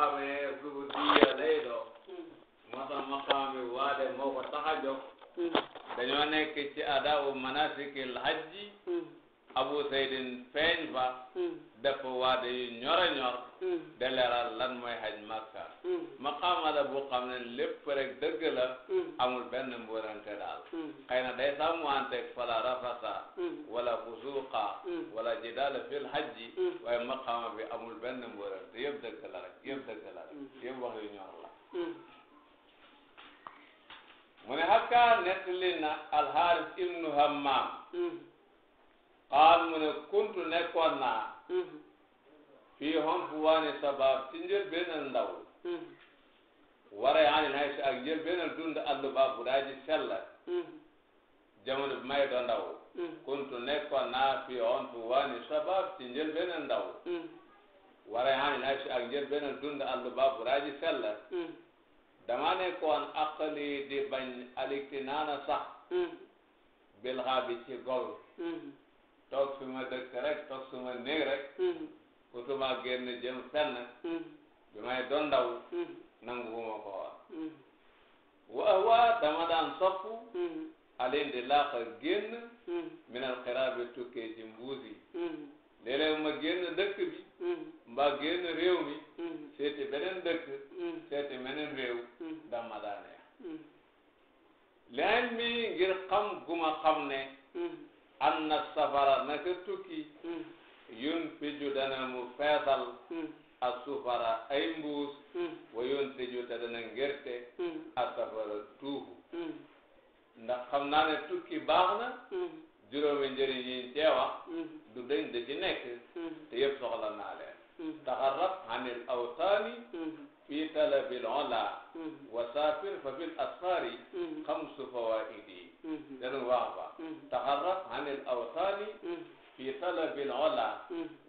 maqamee suuf biya lay doon hmm. moo tax maqam bi moo ko tax a jóg hmm. dañoo nekk ci adaabu manasikil hajji hmm. abu saydin feeñ fa def waade yu ñor ñor de lan mooy haj makka maqaama la bu xam ne lépp rek dëgg la amul benn mbuurante daal xëy na day sàmmanteeg fala rafasa hmm. wala fusuqa hmm. wala jidaala fil hajji hmm. waaye maqaama bi amul benn mbóoral te yëpp dëgg la rek yëpp dëgg la rek yëpp wax yu ñor la mu ne hakka nettali na alxaaris ibnu hammam qaal mu ne kuntu nekkoon naa fii hom waani sabab ci njël benn ndaw wara yaani nay si ak njël benn dund allu baabu daa ji jamono bi may doon ndaw. Mm. kuntu nekkoon naa fi on tuwaani sabab ci njëlbéen ndaw. waree xaaj naa si mm. ak njëlbéen dund àll ba bu raaji sell. Mm. dama nekkoon aqali di bañ alikti naana sax. bilxaa bi ci gol. toog fi ma dëkk rek toog fi ma néeg rek. kutuma génn jëm fenn. bi may doon nangu ma ko woon. wa dama daan soppu. alin di laax a génn hmm. minal xiraabi tukkee ci mbuus yi hmm. léeg-léeg ma génn dëkk bi hmm. mbaa génn réew mi seeti beneen dëkk seeti beneen réew dama daa neex leen mi ngir xam guma xam ne an na safara naka tukki yun piju dana mu feesal asufara ay mbuus wa yun piju te dana ngerte asafara tuubu ndax xam naa ne tukki baax na mm-hmm. juróomi njëriñ yiñ cee wax mm-hmm. du dañ da ci nekk mm-hmm. te yëpp soxla naa leen taxarrab anil awtaani fi talabil ola wa saafir fa bil asfaari xamsu fawaidi danu wax ba taxarrab anil awtaani fi talabil ola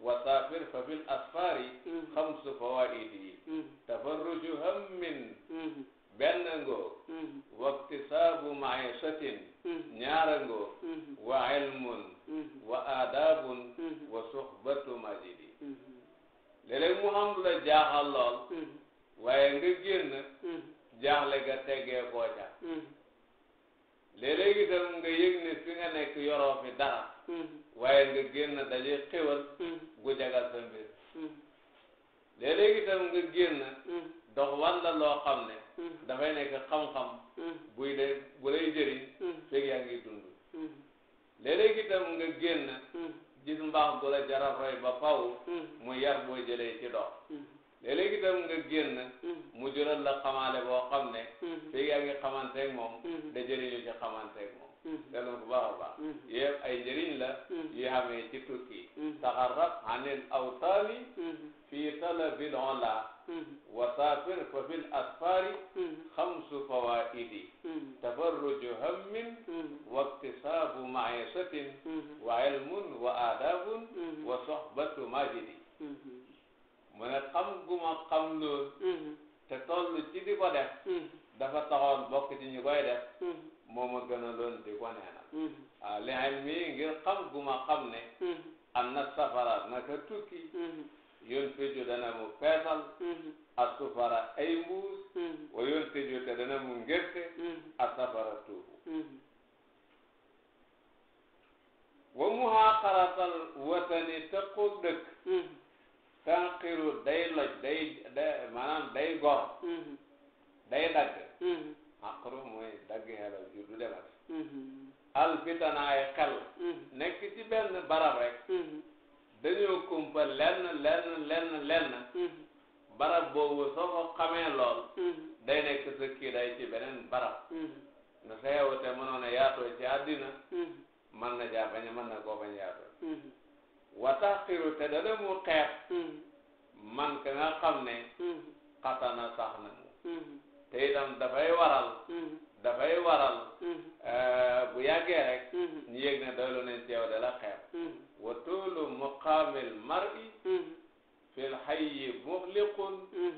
wa saafir fa bil asfaari xamsu fawaidi tafarruju hammin benn ngoo waktisaabu maisatin ñaara ngoo wa ilmun wa aadaabun wa suhbatu majidi léeg-léeg mu xam lu la jaaxal lool waaye nga génn jaaxle ga teggee koo ca léeg-léeg ne fi nga nekk dara waaye nga génn daje xéwal gu jagal sa mbir léeg-léeg itam loo xam ne dafay nekk xam-xam. Hmm. buy de bu lay jëriñ. fekk hmm. yaa ngi dund. Hmm. léeg-léeg itam nga génn. gis mbaax bu la jar roy ba faw mu yar boo jëlee ci dox. léeg-léeg itam nga génn. mu jural la xamaale boo xam ne. fekk yaa ngi xamanteeg moom. da jëriñu ci xamanteeg moom. seetlu bu baax a baax. yëpp ay njëriñ la. yi xamee ci tukki. taxarrab anil awtaali. fii talabil ola wasaafir fa fil asfaari xamsu fawaidi tafarruju hammin waktisaabu maisatin wa ilmun wa aadaabun wa sohbatu majidi mu ne xam gu ma xam lool te toll ci di ko def dafa taxoon bokk ci ñu koy def moo ma gën loon di ko neenal waaw li ngir xam gu ma xam ne am na safara tukki yoon feju dana mu feesal asufara ay mbuus mm-hmm. wa yoltiju te dana mu ngerte mm-hmm. asafara tuubu mm-hmm. wa muhaqaratal watani tëqoog dëkk tanqiru day loj day maanaam day gor day dagg aqru mooy dagg xelal ju du demat al fitanaay xel nekk ci benn barab rek dañoo kumpa lenn lenn lenn lenn barab boobu soo ko xamee lool hmm. day nekk sa kii day ci beneen barab hmm. nga sa yeewute mënoon a yaatoo ci àddina man hmm. na jaa bañ na koo bañ yaatoo wata te dana mu xeet man ka nga xam ne xatana sax na mu te itam dafay waral dafay waral eh, bu yàggee rek ñu yëg ci yow la xeet wa toolu muqaamil fil hayyi muxliqun mm.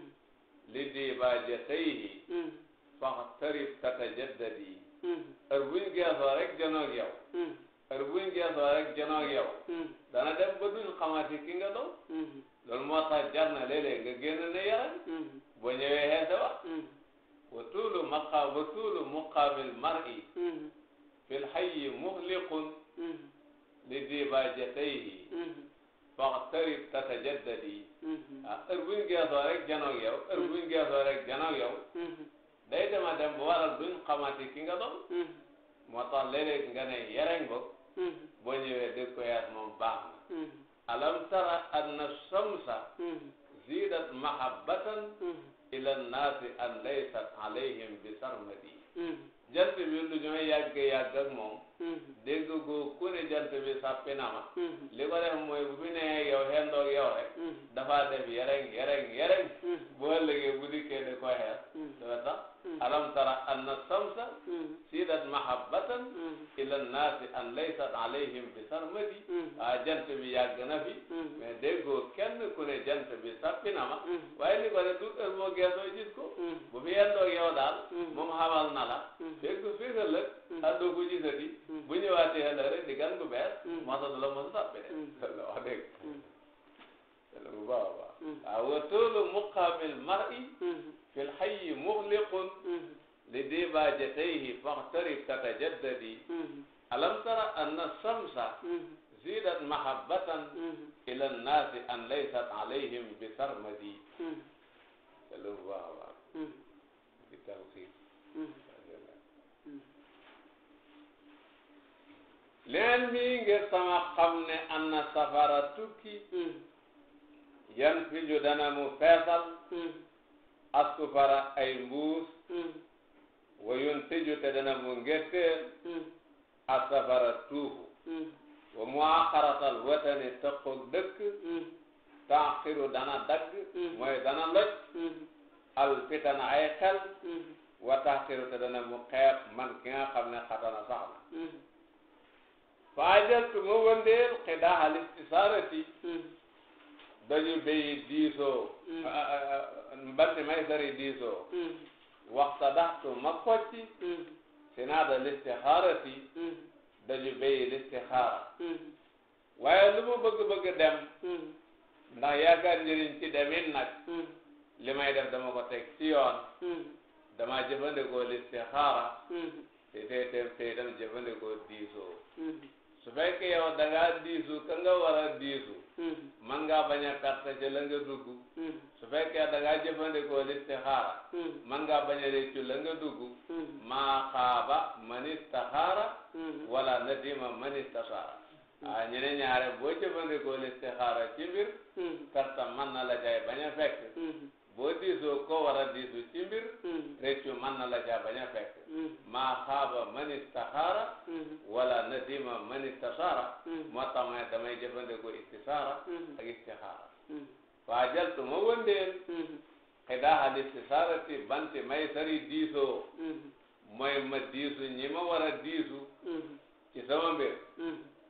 li dibaaji xëyhi mm. faxtarib tatajaddadi mm. heure buñ geesoo rek janoog yow heure buñ geesoo rek janoog yow dana dem ba duñ xamaati ki nga doon loolu moo tax jar na léeg-léeg nga génn ne yaram boo ñëwee xeese wax wa tuulu maqa wa tuulu muqaabil mar'i fil hayyi muxliqun li dibaaji xëyhi faxtarib tatajaddadi ah heure bu ñu geesoo rek janoog yow heure bu ñu geesoo rek janoog yow day dema dem bu waral duñ xamati ki nga doon moo tax léeg-léeg nga ne ñëwee dëg ko yaat moom baax na alam tara anna shamsa zidat mahabbatan ila nnaasi an laysat alayhim bi sarmadi jant bi lu ñooy yàgg yàgg Mm-hmm. dégg goo ku ne jant bi sàppi na ma mm-hmm. li ko def mooy bu fi nee yow xendoog yow rek mm-hmm. dafa def yereng yereng yereng bu ëllëgee bu dikkee di ko xeer dafa tax alam tara anna samsa siidat mahabbatan ila nnaasi an laysat alayhim bi sarmadi waa jant bi yàgg na fi mais déggoo kenn bi sàppi na ma waaye li ko def du ël boo geesoo gis ko bu ñëwaatee ëllëg rek di gan gu bees hmm. masa du la masa tàppe de la wax dëgg la bu baax a baax waaw wa toolu muqamil mari hmm. fi l xayi muxliqun hmm. li dibaajatayhi faxtarib tatajaddadi alam tara anna samsa zidat mahabbatan ila nnaasi an laysat alayhim bi sarmadi la bu baax a baax di tawsil leen mii ngir sama xam ne anna safara tukki mm. yan fiju dana mu feesal mm. asufara ay mbuus mm. wa yun tiju te dana mu ngetteel asafara tuufu wa mu axaratal watani tëqoog dëkk taaxiru dana dagg mooy dana loj alfitana ay xel wa taaxiru te dana mu xeeb man ki nga xam ne xatana sax faajaltu ma wëndeel xidaa al istisaarati hmm. dañu béyi diisoo hmm. ah, ah, ah, mbatti may sari diisoo hmm. waxta daxtu ma kocci sinaada listixaarati dañu béyi listixaara waaye lu bëgg-bëgg dem ndax yaakaar njëriñ ci demin nag li may dem dama ko teg ci yoon dama jëfandikoo listixaara te tey tey tey dama jëfandikoo diisoo su fekkee yow da ngaa diisu ka nga war a diisu man ngaa bañ a perte ci la nga dugg su fekkee da ngaa jëfandikoo listixaara man ngaa bañ a réccu la nga dugg maa xaaba man istaxaara wala nadima man istaxaara ah ñu ne ñaare boo jëfandikoo listixaara ci mbir perte man na la cay bañ a fekk boo diisoo ko war a ci mbir hmm. réccu mën na la ca bañ a fekk hmm. maa xaaba man istaxaara hmm. wala nadima man istasaara moo tax ma damay jëfandikoo istisaara ak istixaara waa jaltu ma wëndeel xidaaxal istisaara ti banti may sari diisoo mooy ma diisu ñi ma war a diisu ci mbir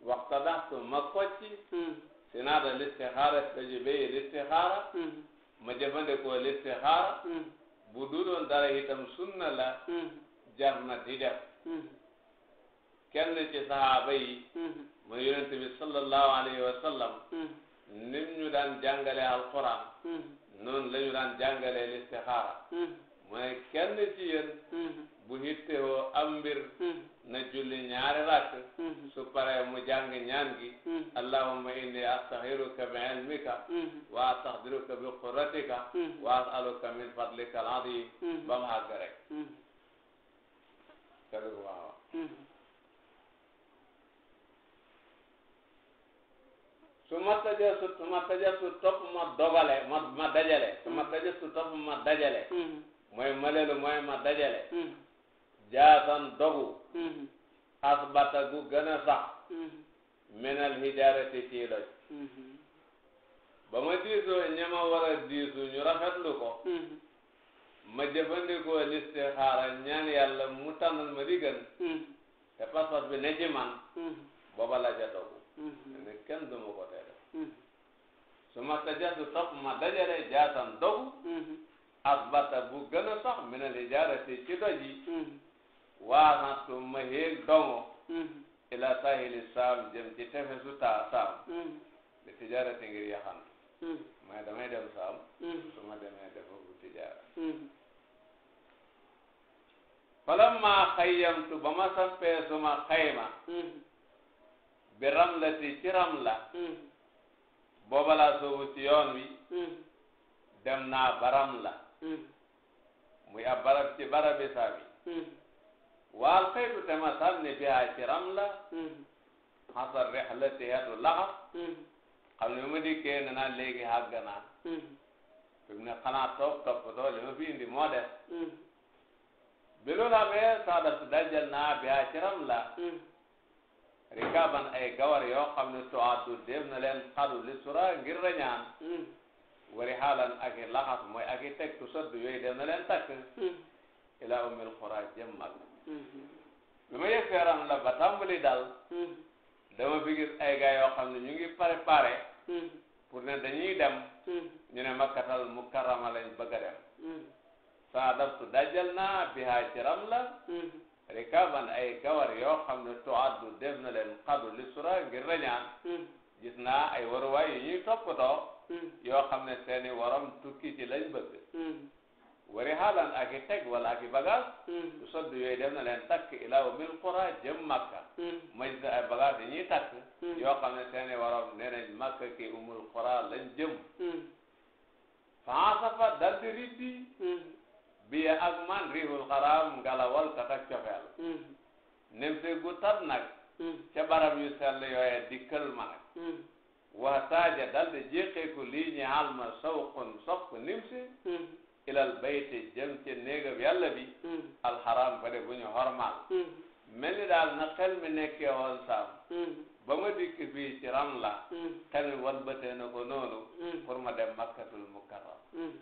waxta daxtu ma kocci sinaada listixaara tajubéyi listixaara ma jëfandikoo listixaar hmm. bu dudoon dara itam sunna la hmm. jar na di def hmm. kenn ci sahaaba yi ma alayhi wa nim ñu daan jàngale alquran noonu la ñu daan jàngale listixaara mooy kenn ci bu hittewoo am mbir na julli ñaari rakk mm-hmm. su paree mu jàng ñaan gi mm-hmm. allahumma inni astaxiruka bi ilmika mm-hmm. wa astaxdiruka bi quratika wa asaluka min fadlika al adim ba mu àgg rek kadug waaw su ma tajasu su ma tajasu topp ma dogale ma ma dajale su ma tajasu topp ma dajale mooy ma dajale jaasan dogu mm-hmm. asbata gu gën a sax menal mm-hmm. hijarati ci doj mm-hmm. ba ma diisoo ñama war a diisu ñu rafetlu ko ma jëfandikoo listixaara ñaan yàlla mu tànnal ma di gën te pas-pas bi ne ci man booba la ca dogu ne kenn du ma ko tere su ma tajatu topp ma dajale jaasan dogu asbata bu gën a sax menal hijarati ci doj yi waaxantu ma héeg dongo mm-hmm. ila sahili saam jëm ci tefesu taa saam di mm-hmm. tijaarati ngir yaxantu mm-hmm. may damay dem saam su ma demee defa bu tijaara falamma xayyamtu ba ma sampee suma xayma bi ramlati ci ramla booba laa soobu ci yoon wi dem naa ba ramla muy ab barab ci barabi saabi waal xëytu te ma sànni bi ci ram la. xasal rihlatiha laxas. xam ne ma dikkee ne naa léegi àgg naa. fi mu ne xanaa toog toppatoo ma fi indi moo def. bi loolu amee saadatu dajal naa bi ci ram la. rikaaban ay gawar yoo xam ne tuaddu dem na leen xalu li sura ngir rañaan. wari xaalan ak laxas mooy ak i teg tu sëdd yooyu dem na leen takk. ila ummil qura jëm mag. bi ma yëg feeram la ba tàmbali daal mm-hmm. dama fi gis ay gars yoo xam ne ñu ngi préparé mm-hmm. pour ne dañuy dem mm-hmm. ñu ne makkatal mukarrama lañ bëgg a dem saa daftu dajal naa bihaa ci ramla rikaban ay kawar yoo xam ne tuaddu def na leen xadu li sura ngir rañaan gis naa ay waruwaay yu ñuy toppatoo yoo xam ne seeni waram la ci lañ bëgg wari haalan ak i teg wala ak i bagage su hmm. sodd yooyu dem na leen takk ilaa umil qura jëm makka hmm. maj da ay bagage yi ñuy takk hmm. yoo xam ne seeni waroom nee nañ makka ki umul qura lañ jëm faasafa dal di riddi bi ak man rihul xaraam ngalawal tatak cofeel nem se gu tat nag ca barab yu sell yooye dikkal ma nag waxtaaja dal di jéqeeku lii ñi xaal ma sawqun sopp nim si ilal bayti jëm ci néegam yàlla bi hmm. alxaram ba de bu ñu hormal hmm. mel ni daal na xel mi nekkee woon saam hmm. ba ma dikk fii ci ram la xel mi walbatee na ko noonu pour ma dem makkatul mukarram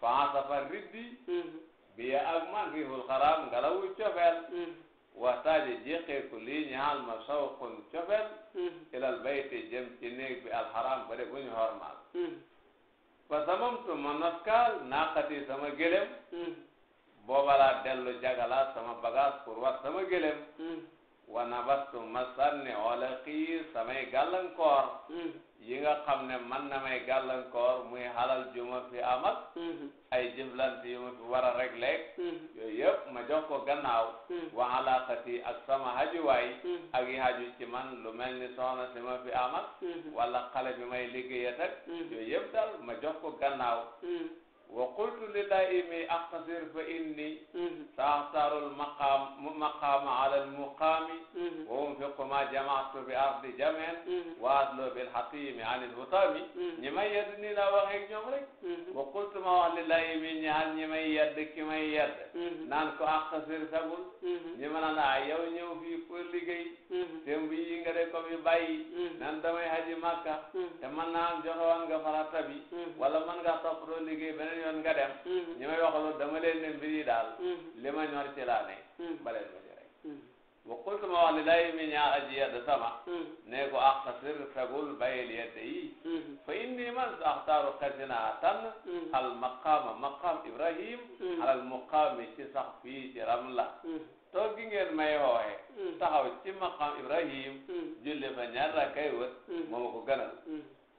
faa safar riddi bi ya ak man rihul xaram ngalawu cofeel waxtaaje jeqeeku lii ñaal ma sawqun cofeel ilal bayti jëm ci néeg bi alxaram ba de bu hormal fa samamtu ma naskaal naaqati sama gélém hmm. booba laa dellu jagalaat sama bagage pour wat sama gélém hmm. wa nabastu ma sànni olaqi samay gàllankoor hmm. yi nga xam ne man na may gàllankoor muy halal ju ma fi amat mm-hmm. ay jëflante yu fi war a régler mm-hmm. yooyu yëpp ma jox ko gannaaw mm-hmm. wa alaaqati ak sama hajuwaay ak yi haju ci man lu mel ni soxna si ma fi amat wala xale bi may liggéeyat ak yooyu yëpp daal ma jox ko gannaaw wa qultu li daimi aqtasir fa inni mm-hmm. sa axtaarul maqaam maqaama ala almuqaami mm-hmm. wa unfiqu ma jamaatu bi ardi jamen mm-hmm. wa adlo bil xatimi an ilhutaami ñi may yedd nii laa waxee ñoom rek wa qultu ma wax li daimi ñaan ñi may yedd ki may yedd naan ko aqtasir sagul ñi ma naan ah yow ñëw fii pour liggéey démb yi nga de ko fi bàyyi naan damay haji màkka te mën naa am joxoon nga farata bi wala mën nga toppatoo liggéey beneen benn yoon nga dem ñi mm-hmm. may waxalul dama leen ne mbir yi daal mm-hmm. ma ñor ci laa ne mm-hmm. baleen ma ci rek bu xul sama wax ne day mi ñaa aji yedd sama ne ko aqtasir sagul bayil yedd yi fa inni man axtaaru xasinaa tànn al maqaama maqaam ibrahim alal muqaami ci sax fii ci ram la toog gi ngeen may wooye taxaw ci maqaam ibrahim julli fa ñaar rakkay wët moo ma ko gënal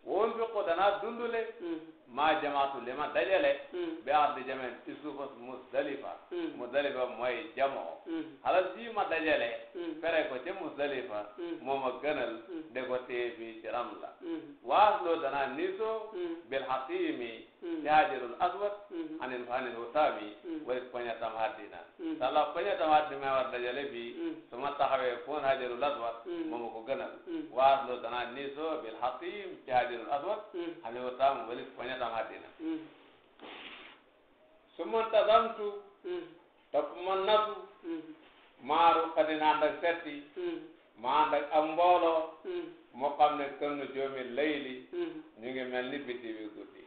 woon bi ko dundule ma jamaatu li hmm. hmm. hmm. ma dajale. bi àll bi jameen ci suufa Musdalifa. Musdalifa mooy jamoo. alal ji ma dajale. fere ko ca Musdalifa. moo ma gënal. de ko téye fii ci Ramla. waaw loo danaa niso. bil xaqimi li hmm. hajarul aswad anin hmm. anin hutaabi hmm. warit poñatam haddina sala poñatam haddi may war dajale bi su ma taxawee hajarul aswad mooma ko gënal waas lo danaa hajarul aswad anin hutaam warit poñatam haddina su ma tazamtu topp ma natu maaru xatin ànd ak setti ma ànd ak am mbooloo moo xam ne kënnu bi guddi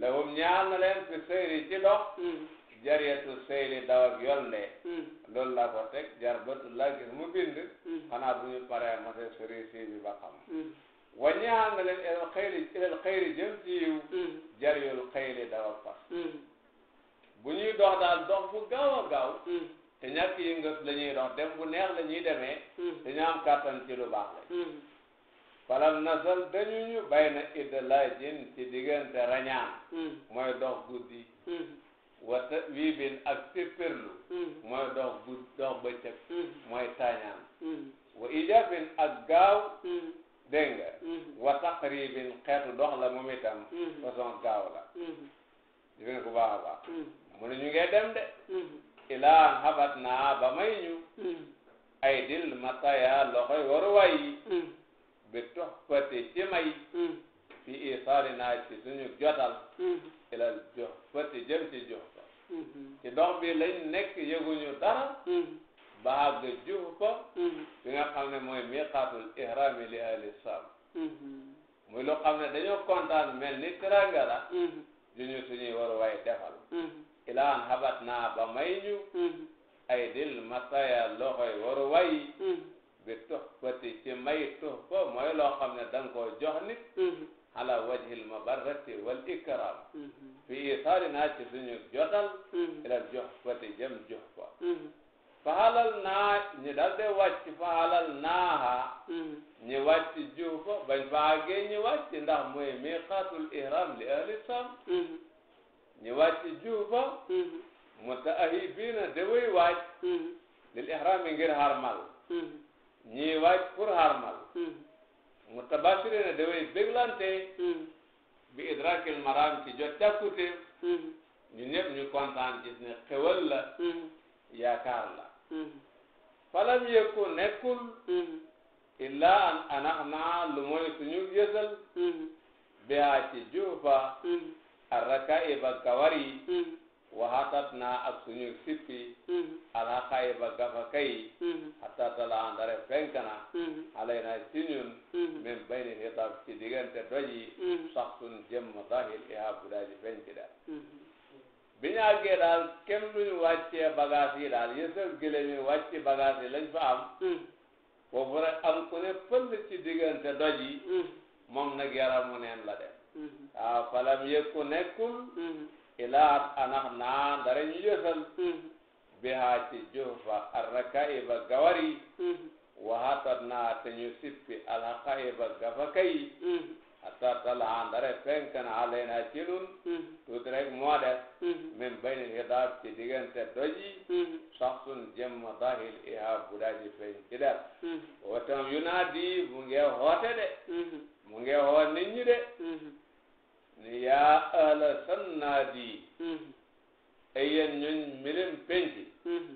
lahum ñaar na leen fi seyri ci dox mm. jariyatu seyri daw ak yolnde mm. loolu laa ko teg jar bëtu laa gis mu bind mm. xanaa bu ñu paree ma se sori si ba xam wa ñaar na leen ilal xayri ilal xayri jëm ci yiw jariyul xayri daw ak fas bu ñuy dox daal dox bu gaaw a gaaw te ñàkk yëngat la ñuy dox dem bu neex la ñuy demee te ñu am ci lu baax la falal nasal dañu bay na idlaajin ci diggante rañaan hmm. mooy dox guddi hmm. wata wiibin ak sippirlu hmm. mooy dox gud dox bëccëg mooy taañaan wa ijabin ak gaaw dégg nga wa taqribin xeetu dox la moom itam gaaw la di nga ko baax a ñu ngee dem de ilaan xabat naa ba may ñu ay dil mataya loxoy waruwaay yi bi tuhfati ci may mm. fi isaarinaa ci suñu jotal mm. ilal juhfati jëm ci juhfa mm-hmm. ci dox bi lañ nekk yëguñu dara ba àgg juhfa bi nga xam ne mooy miqaatul ihrami li ahli saam mm-hmm. muy loo xam ne dañoo kontaan mel ni teraanga la mm-hmm. juñu suñuy war waay defal ilaan habat naa ba may ñu ay dil masaya loxoy waru way bi tuhfati ci may tuhfa mooy loo xam ne danga koo jox nit mm-hmm. ala wajhil mabarrati wal ikram mm-hmm. fi isaari naa ci suñu jotal mm-hmm. ila juhfati jëm juhfa fahalal naa ñi dal de wàcc fahalal naaha ñi wàcc juhfa bañ fa àggee ñi ndax mooy miqaatul ihram li ahli sam ñi wàcc juhfa mutaahibiina de way wàcc lil ihram ngir harmal ñii waaj pour harmal hmm. mu tabasirina daway béglante hmm. bi idrakil maram ci jot càkkute hmm. ñu ñëpp ñu kontaan gis ne xewal la yaakaar la falam yëkku nekkul illa an anaxnaa lu mooy suñu yësal bihaa ci juufa arraka iba waxatat naa ak suñu sippi alxaqaay ba gafa kay fenk na alay na ci ñun min bayni ci diggante doj yi sax suñ jëmm dahil ihab bu daal di fenk daal bi ñu àggee daal kenn duñu yi daal yësal gile mi yi lañ fa am foofu rek am ku ci diggante doj yi moom nag yaramu neen la def waaw falam yëg ku nekkul ilaat anax naan dara ñu yësal mm-hmm. bihaa ci juhfa arrakaiba gawari mm-hmm. wahatat naa te ñu sippi alhaqaiba gafakayi hatta mm-hmm. talaa ndare penkan alayna ci nun tuuti rek moo def min baynil hidaab ci diggante doji saxsun jëmm dahil ihaab bu daaji feeñ ci der wootam yu naa di mu ngi xoote de mu ngi xool nit ñi ni yaa ahla sannaadi ay mm-hmm. e yéen ñun mbirim penc mm-hmm.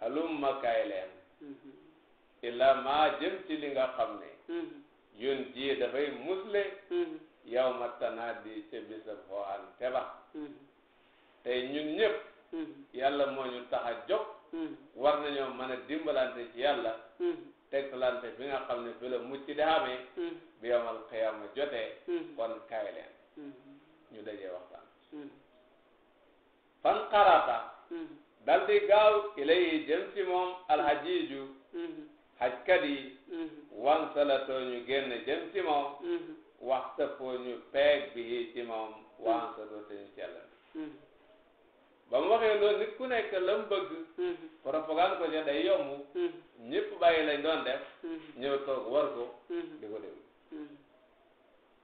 halum ma kaay leen mm-hmm. ila maa jëm ci li nga xam ne yun ji dafay musle yow ma tanaadi ca bisa foo an teba tey ñun ñëpp yàlla moo ñu tax a war nañoo mën a dimbalante ci yàlla tegtalante bi nga xam ne fi la mucc di amee bi yomal xiyaama jotee kon kaay Mm-hmm. ñu dajee waxtaan mm-hmm. fan xarata mm-hmm. dal di gaaw ilayi jëm ci moom alhajiju hajkat yi wan salatoo ñu génn jëm ci moom wax safoo ñu bi ci moom wan salatoo te ñu cellal ba mu waxee loolu nit ku nekk la ko ca day yomb ñëpp bàyyi lañ doon def ñëw di ko déglu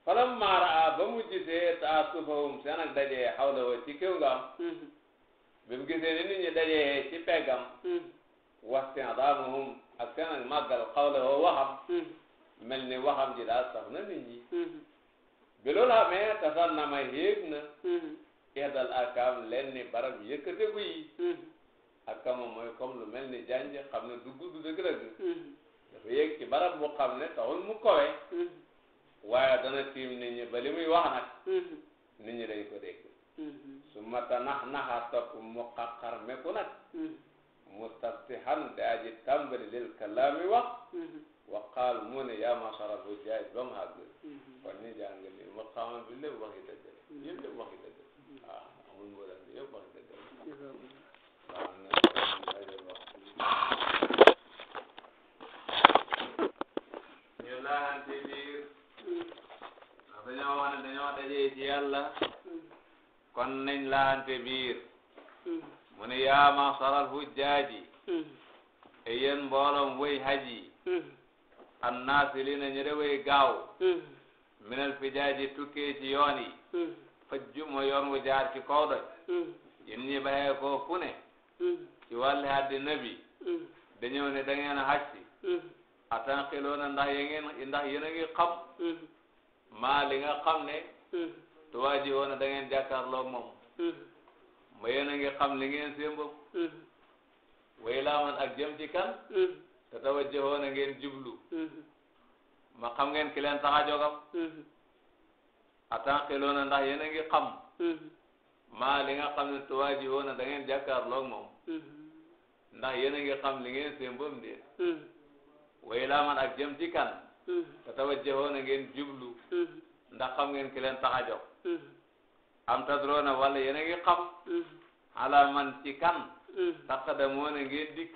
falam maara ba mu gisee taasufahum seen ak dajee xaw la woo ci kéw ngam bi mu gisee ni nit ñi dajee ci peggam wasti'daamuhum ak seen ak màggal xaw la woo waxam mel ni waxam ji daal sax na nit ñi bi loolu amee tasal na ma yéeg na ihdal arkaam leen ni barab yëkkateku yi ak kama mooy comme lu mel ni janj xam ne dugg du dëgg-dëgg dafa yéeg barab bu xam ne taxul mu kowe waaye dana tiim ñi ba muy wax nag mm-hmm. nit ñi dañ ko dégg mm-hmm. su ma ta nax naxa topp mu xaqar meku mm-hmm. da aji tàmbali lil kalaami wax waqaal mu ne yaa masara bu jaay ba mu àgg kon ñu jàng li ma xamal bi lépp waxi dëgg la yëpp lépp waxi dëgg la dañoo wax ne dañoo dajee ci yàlla kon nañ laante biir mu ne yaa maasaral hujjaaji e yéen mbooloom way haji annaasi li na ñere way gaaw minal fijaaji tukkee ci yoon yi fajju yoon wu jaar ci kaw doj yéen ñi bayee koo fu ne ci wàlli àddina bi dañoo ne da ngeen a hajsi mm-hmm. atanqiloona ndax yéen ndax a ngi xam mm-hmm. maa li nga xam ne hmm. tuwaa ji woon da ngeen jàkkaarloo moom hmm. ma yéen a ngi xam li hmm. man ak jëm ci kan te a ngeen jublu ma xam ngeen ki leen tax a jogam atanqiloona ndax yéen a ngi xam maa li nga xam ne tuwaa ji woon da ngeen jàkkaarloo moom ndax yéen a ngi xam li ngeen seen bopp man ak jëm te tawajjahoo na ngeen jublu ndax xam ngeen ki leen tax a jóg am tadroona wala yéen a ngi xam ala man ci kan taqdamoo na ngeen dikk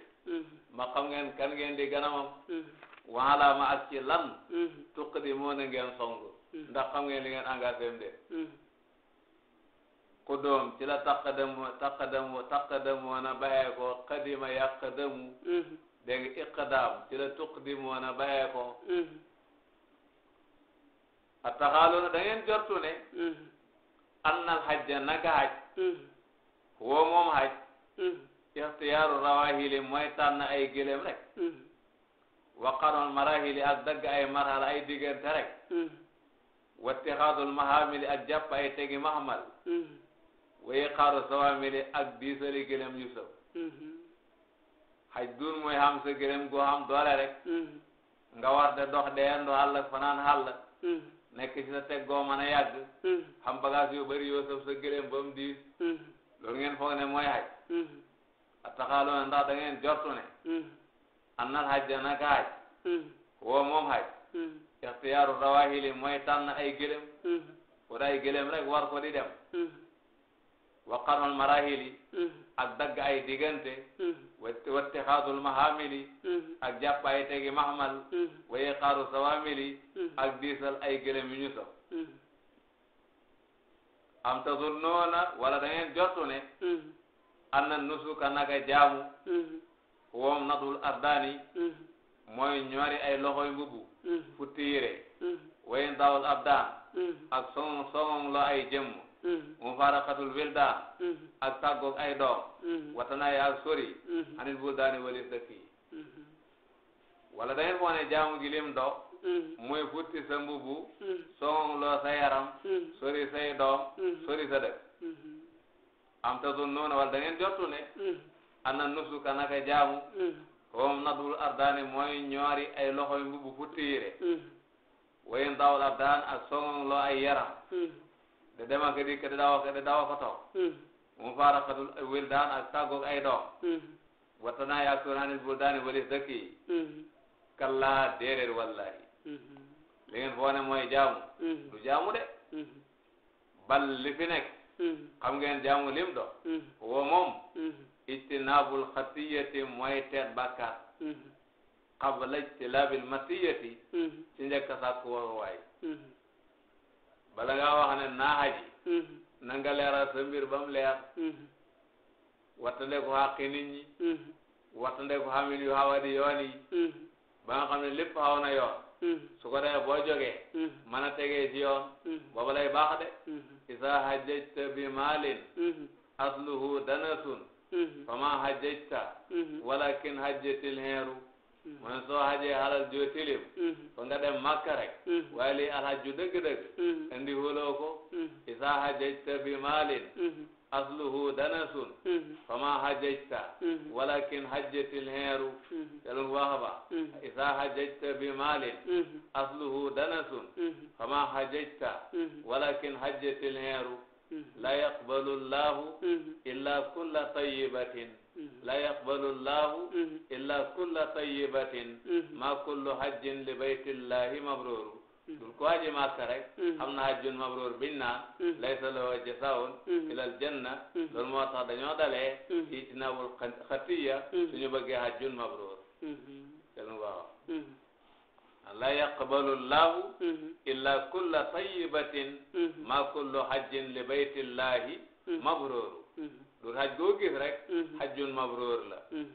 ma xam ngeen kan ngeen di ganamam waala ma ak ci lan tuqdimoo na ngeen song ndax xam ngeen li ngeen engagé m ku doom ci la taqdamoo taqdamoo taqdamoo na bàyyee ko qadima yaqdamu dégg nga iqdaam ci la tuqdimuuna bàyyee ko mm-hmm. ataxaaluuna da ngeen jortu ne mm-hmm. annal hajja naka haj mm-hmm. woo moom haj ixtiyaaru rawaahili mooy tànn ay gëléem rek waqanul marahili ak dagg ay marhala ay diggante rek wattixaadul mahamili ak jàpp ay tegi mahmal wa iqaaru sawamili ak diisali gëléem yusuf xaj duun mooy xam sa gërëm goo xam doole rek mm-hmm. de dox deyandoo xàll ak fanaan xàll mm-hmm. nekk ci sa teg goo mën a yàgg mm-hmm. xam bagage yu bëri yoo saf sa ne mooy xaj a taxaaloo ne ndax da ngeen jortu ne an nal xaj da naka xaj woo moom xaj ixtiyaaru rawaahili mooy tànn ay rek war di dem waqarul marahili ak dagg ay diggante wa ittixaadul mahamili ak jàppaay tegi mahmal wa iqaaru sawaamili ak diisal ay gëlëm yu ñu sopp am wala da ngeen jottu nusuka naka jaamu woom natul ardaani mooy ñoori ay loxoy mbubu fu tiire way ndawul abdaan ak songong songong la ay jëmm Mm-hmm. mu faaraqatul wildaan mm-hmm. ak tàggoog ay doom mm-hmm. watanaay ak sori anil buldaani walis dëkk yi wala da ngeen ko ne jaamu gi lim do mooy futti sa mbubu songong loo sa yaram sori say doom sori sa dëkk am ta zun wala da ngeen ne ana nusuka naka jaamu hom nadul ardaani mooy ñoori ay loxoy mbubu futti yire wayin dawul ardaan ak songong loo ay yaram te dem ak dikk di daaw ak di daaw a toog. wildaan ak tàggoog ay doom. Hmm. watanaa yaa sunaanil buldaani walis dëkk yi. Hmm. kallaa déedéet wallahi. Hmm. li ngeen ne mooy jaamu. du jaamu de. bal li fi nekk. xam ngeen jaamu lim do. woo moom. ijtinaabul xatiyati mooy teet bàkkaar. qabla ijtilaabil matiyati. ci njëkk a sàkk waruwaay. bala ngaa wax ne naa aji mm-hmm. na nga leeral sa mbir ba mu leer mm-hmm. wattande ko xaqi nit ñi mm-hmm. wattande yu xaw a di yoon yi ba nga xam ne lépp xaw na yoon su ko defee boo jógee mën a tegee ci yoon booba lay baax de isa hajjajta bi mu mm-hmm. ne soo xajee alal joo tilim fa mm-hmm. nga dem makka rek mm-hmm. waaye lii alhaju dëgg-dëgg andi huloo ko isa hajajta bi maalin asluhu danasun fama hajajta walakin hajjatil heeru yalun waxaba isa hajajta bi maalin asluhu danasun fama hajajta walakin hajjatil heeru la yaqbalu llahu illa kulla tayibatin la yaqbalu llahu illa kulla tayyibatin ma kullu hajjin li baytillahi mabruru dul ko aji màkka rek xam na hajjun mabrur biñ naan laysa lahu jasaun ilal janna loolu moo tax dañoo dalee ijtinaabul xatiya suñu bëggee hajjun mabrur telu la yaqbalu llahu illa kulla tayyibatin ma kullu hajjin li baytillahi mabrur du xaj goo rek mhm. xajjun mabroor la mhm.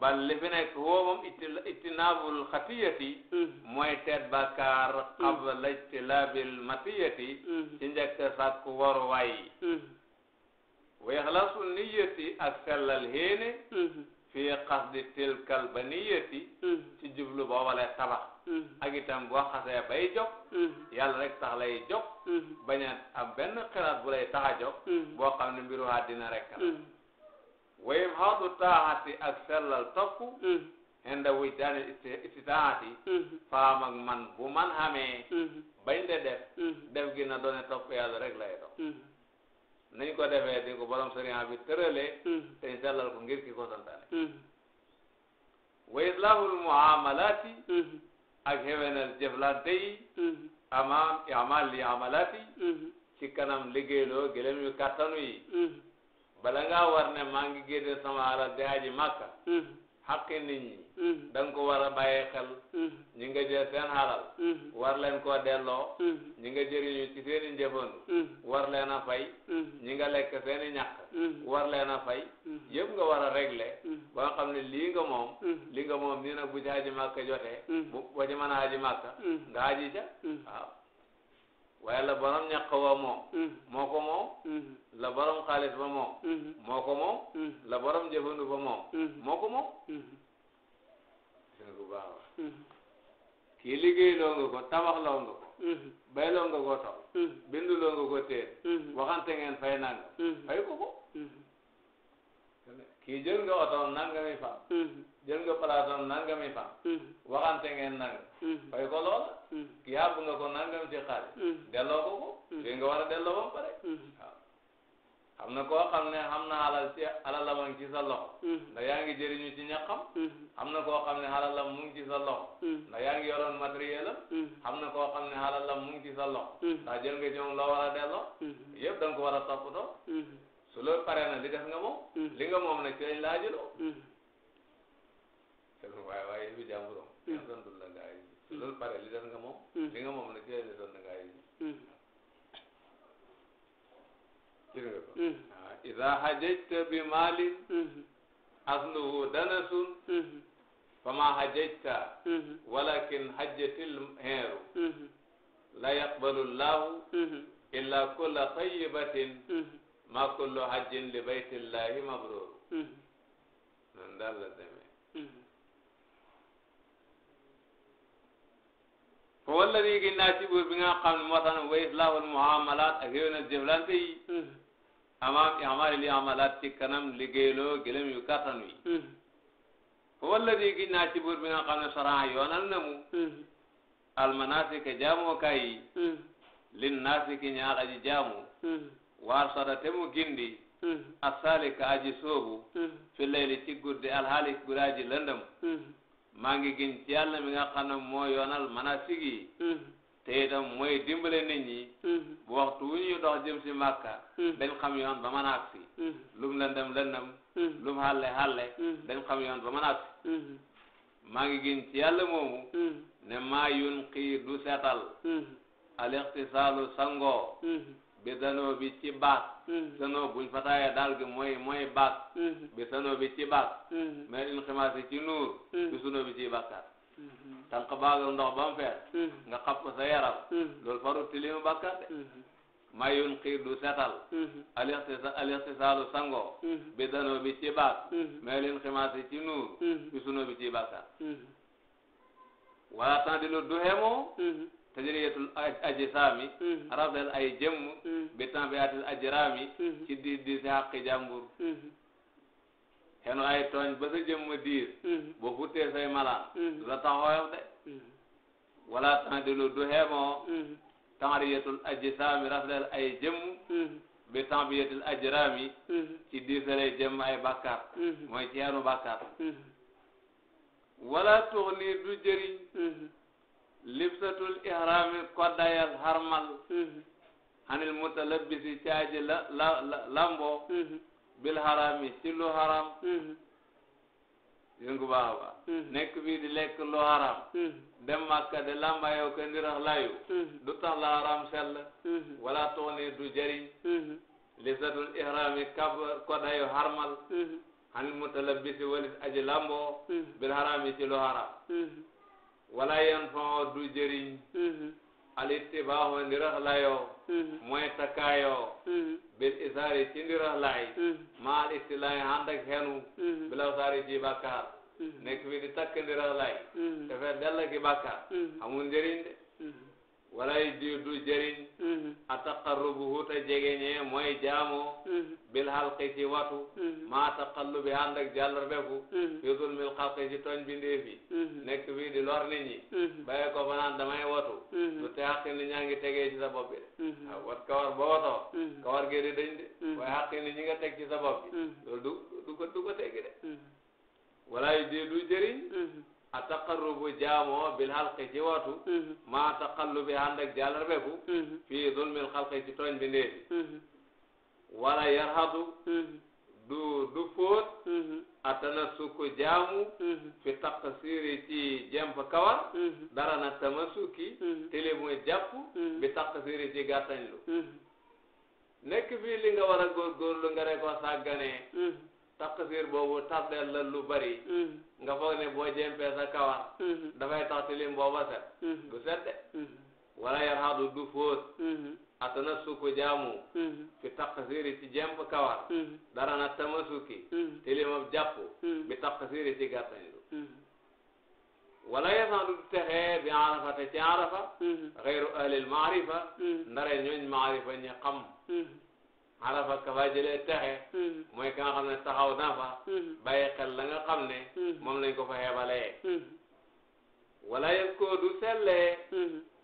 bal li fi nekk woomam itinaabul xatiyati mhm. mooy teet bàkkaar xabla lajtilaabil matiyati ci njëkk sàkk war waay wa ixlaasu niyati ak sellal héene fii xasdi tilkal baniyati ci jublu boobale tabax ak itam boo xasee bay jóg yàlla rek tax lay jóg Mm-hmm. bañ a am benn xalaat bu lay tax a jóg mm-hmm. boo xam ne mbiru àddina rek la mm-hmm. wayum xawdu taaxati ak sellal topp xenda wuy daane istitaati faam ak man bu man xamee bañ de def def gi na doone topp yàlla rek lay dox nañ ko defee di ko borom sëriñ bi tëralee te sellal ko ngir ki ko santane wa islahul muamalati ak xewenal jëflante yi amaam amal li amalati mm-hmm. ci kanam liggéeyloo gëlëm yu kattanu yi mm-hmm. bala war ne maa ngi génne sama alal di aji màkka mm-hmm. Mm-hmm. da nga ko war a bàyyi xel mm-hmm. ñi nga jël seen xalal mm-hmm. war leen koo delloo ñi nga jëriñu ci seen i njëfandu war leen a fay ñi nga lekk seen i ñàkk war leen a fay yëpp nga war a régler ba xam ne lii nga moom li nga moom nii nag bu ci haji màkka jotee bu ba ci mën a haji màkka nga haji ja waaw waaye la wa moom moo ko ne bu baax la mm-hmm. kii liggéey loo mm-hmm. bay loo nga ko tool mm-hmm. bindu loo nga ko téen waxante ngeen fay nanga fay ko ko kii jël nga otoom nangami faam jël nga palaatam nangami faam waxante ngeen nanga fay ko loola kii àbb nga ko nangam xam na koo xam ne xam na alal alalam a ngi ci sa loxo mm. ndax yaa ngi jëriñu ci ñaqam xam mm. na koo xam ne alalam mu ngi ci sa loxo mm. ndax yaa ngi yoroon matériel am xam na koo xam ne alalam mu ngi ci sa loxo ndax nga ci moom loo war a delloo yëpp da nga ko war a toppatoo su loolu paree def nga moom li nga moom nag ci lañ laa jëloo waaye waaye yëfi jàmburoom yaa sant la ngaa yi su loolu nga moom ida hajajta bi maalin asluhu danasun fama hajajta walakin hajjatil heeru la yaqbalu llahu illa kulla tayyibatin ma kullu hajjin li baytillahi mabrur noonu daal la demee fa walladi gi naa ci buur bi nga xam ne moo tax na wa islahul muamalat ak yéwénal jëflante yi amaam imaal li amalaat ci kanam liggéeyloo gëlëm yu kattan wi hmm. walla di gi naa ci buur bi nga xam ne saraa yoonal na mu hmm. almanasik jaamukaay yi hmm. lin naasik ñaal aji jaamu waar sada te mu gindi asalik aji soobu fi layli ci guddi alhaalik guddi aji lëndëm maa ngi gin ci yàlla mi nga xam moo yoonal manasik yi te itam mooy dimbale nit ñi. Mm-hmm. bu waxtu wu dox jëm si màkka. Mm-hmm. dañ xam yoon ba mën a agsi. Mm-hmm. lum lëndëm lëndëm. lum xàlle xàlle. dañ xam yoon ba mën a agsi. maa ngi gën ci yàlla moomu. ne maa yun xii du seetal. al ixtisaalu sangoo. bi sanoo bi ci baat. sanoo buñ fataaya daal gi mooy mooy baat. bi sanoo bi ci baat. mais in ximaasi ci nuur. bi sunoo ci bàkkaar. tànq baagal ndox ba mu fees hmm. nga xab ko sa yaram hmm. loolu faru tilimu bàkkaar de hmm. mayun xii du setal alixtisaalu sango bi danoo bi ci baat meelin ximaasi ci nuur bi sunoo bi ci bàkkaar wala tan di lu duxemoo tajriyatul ajsaami rafetal ay jëmm bi temps bi atil ci di di si xaqi jàmbur xenu ay tooñ ba sa jëmm diir mm-hmm. boo futtee say malaan mm-hmm. du la taxooyof de mm-hmm. wala tandilu du xeemoo tanriyatul ajsaami rafleel ay jëmm bi tanbiyatil ajraami ci diisalay jëmm ay bàkkaar mooy ci xenu bàkkaar wala tuxni du jëriñ libsatul ihrami koddayal harmal hanil mutalabbisi caaji la la lamboo bil haram yi ci lu haram mm-hmm. yëngu baax a baax mm-hmm. nekk fii di lekk lu haram mm-hmm. dem màkka de lambayoo ko ndirax layu du tax la haram sell wala tooni du jëriñ lisatul ihram yi kab kodayu harmal xanil mutalabisi walis aji lamboo bil haram yi ci lu haram wala yan foo du jëriñ al ittibaaxu ndirax layoo mooy takkaayoo bil isaari ci ndiraxlaay mm. maal istilaay ànd ak xenu mm. bilaw saari ci bàkkaar mm. nekk fi di takk ndiraxlaay dafay dell ki bàkkaar amul wala yu ji du jëriñ mm-hmm. ataqarrubuhu te jegeñee mooy jaamoo mm-hmm. bil xalqi ci watu mm-hmm. maa taqallubi ànd ak jàllarbeku fi zulmil xalqi ci tooñ bindee fi nekk fii di lor nit ñi bàyyi ko fa naan damay watu du te xaqi nit ñaa ngi tegee ci sa bopp bi de wat kawar ba watoo kawar gee di dañ de waaye xaqi nit ñi nga teg ci sa bopp bi loolu du du ko du de wala yu ji du jëriñ a taqarrubu jaamoo bil xalqi ci watu mm-hmm. maa taqallubi ànd ak jàllarbeku mm-hmm. fii zulmil xalqi ci tooñ bi ndéef mm-hmm. wala yarhatu du du fóot atanasuku jaamu fi taqsiri ci jemp kawar dara tamasuki tele mooy jàpp bi taqsiri ci gàttañ lu nekk fii li nga war a góorgóorlu nga rek ko sàgganee taqsir boobu tardeel la lu bari mm-hmm. nga foog ne boo jempee sa kawar mm-hmm. dafay tax tilim booba set mm-hmm. du set de wala yar xaadu du fóot atana suku jaamu fi taqsiri ci jemp kawar dara na tamasuki tilimam jàpp bi taqsiri ci gàttañlu wala yasan du texee bi arafa te ci arafa xayru ahlil maarifa ndare ñooñ maarifa ñi xam arafa ka faa jëlee texe hmm. mooy ka nga xam ne taxaw na fa hmm. bàyyi xel la xam ne hmm. moom lañ ko fa xeebalee wala yëg koo du sellee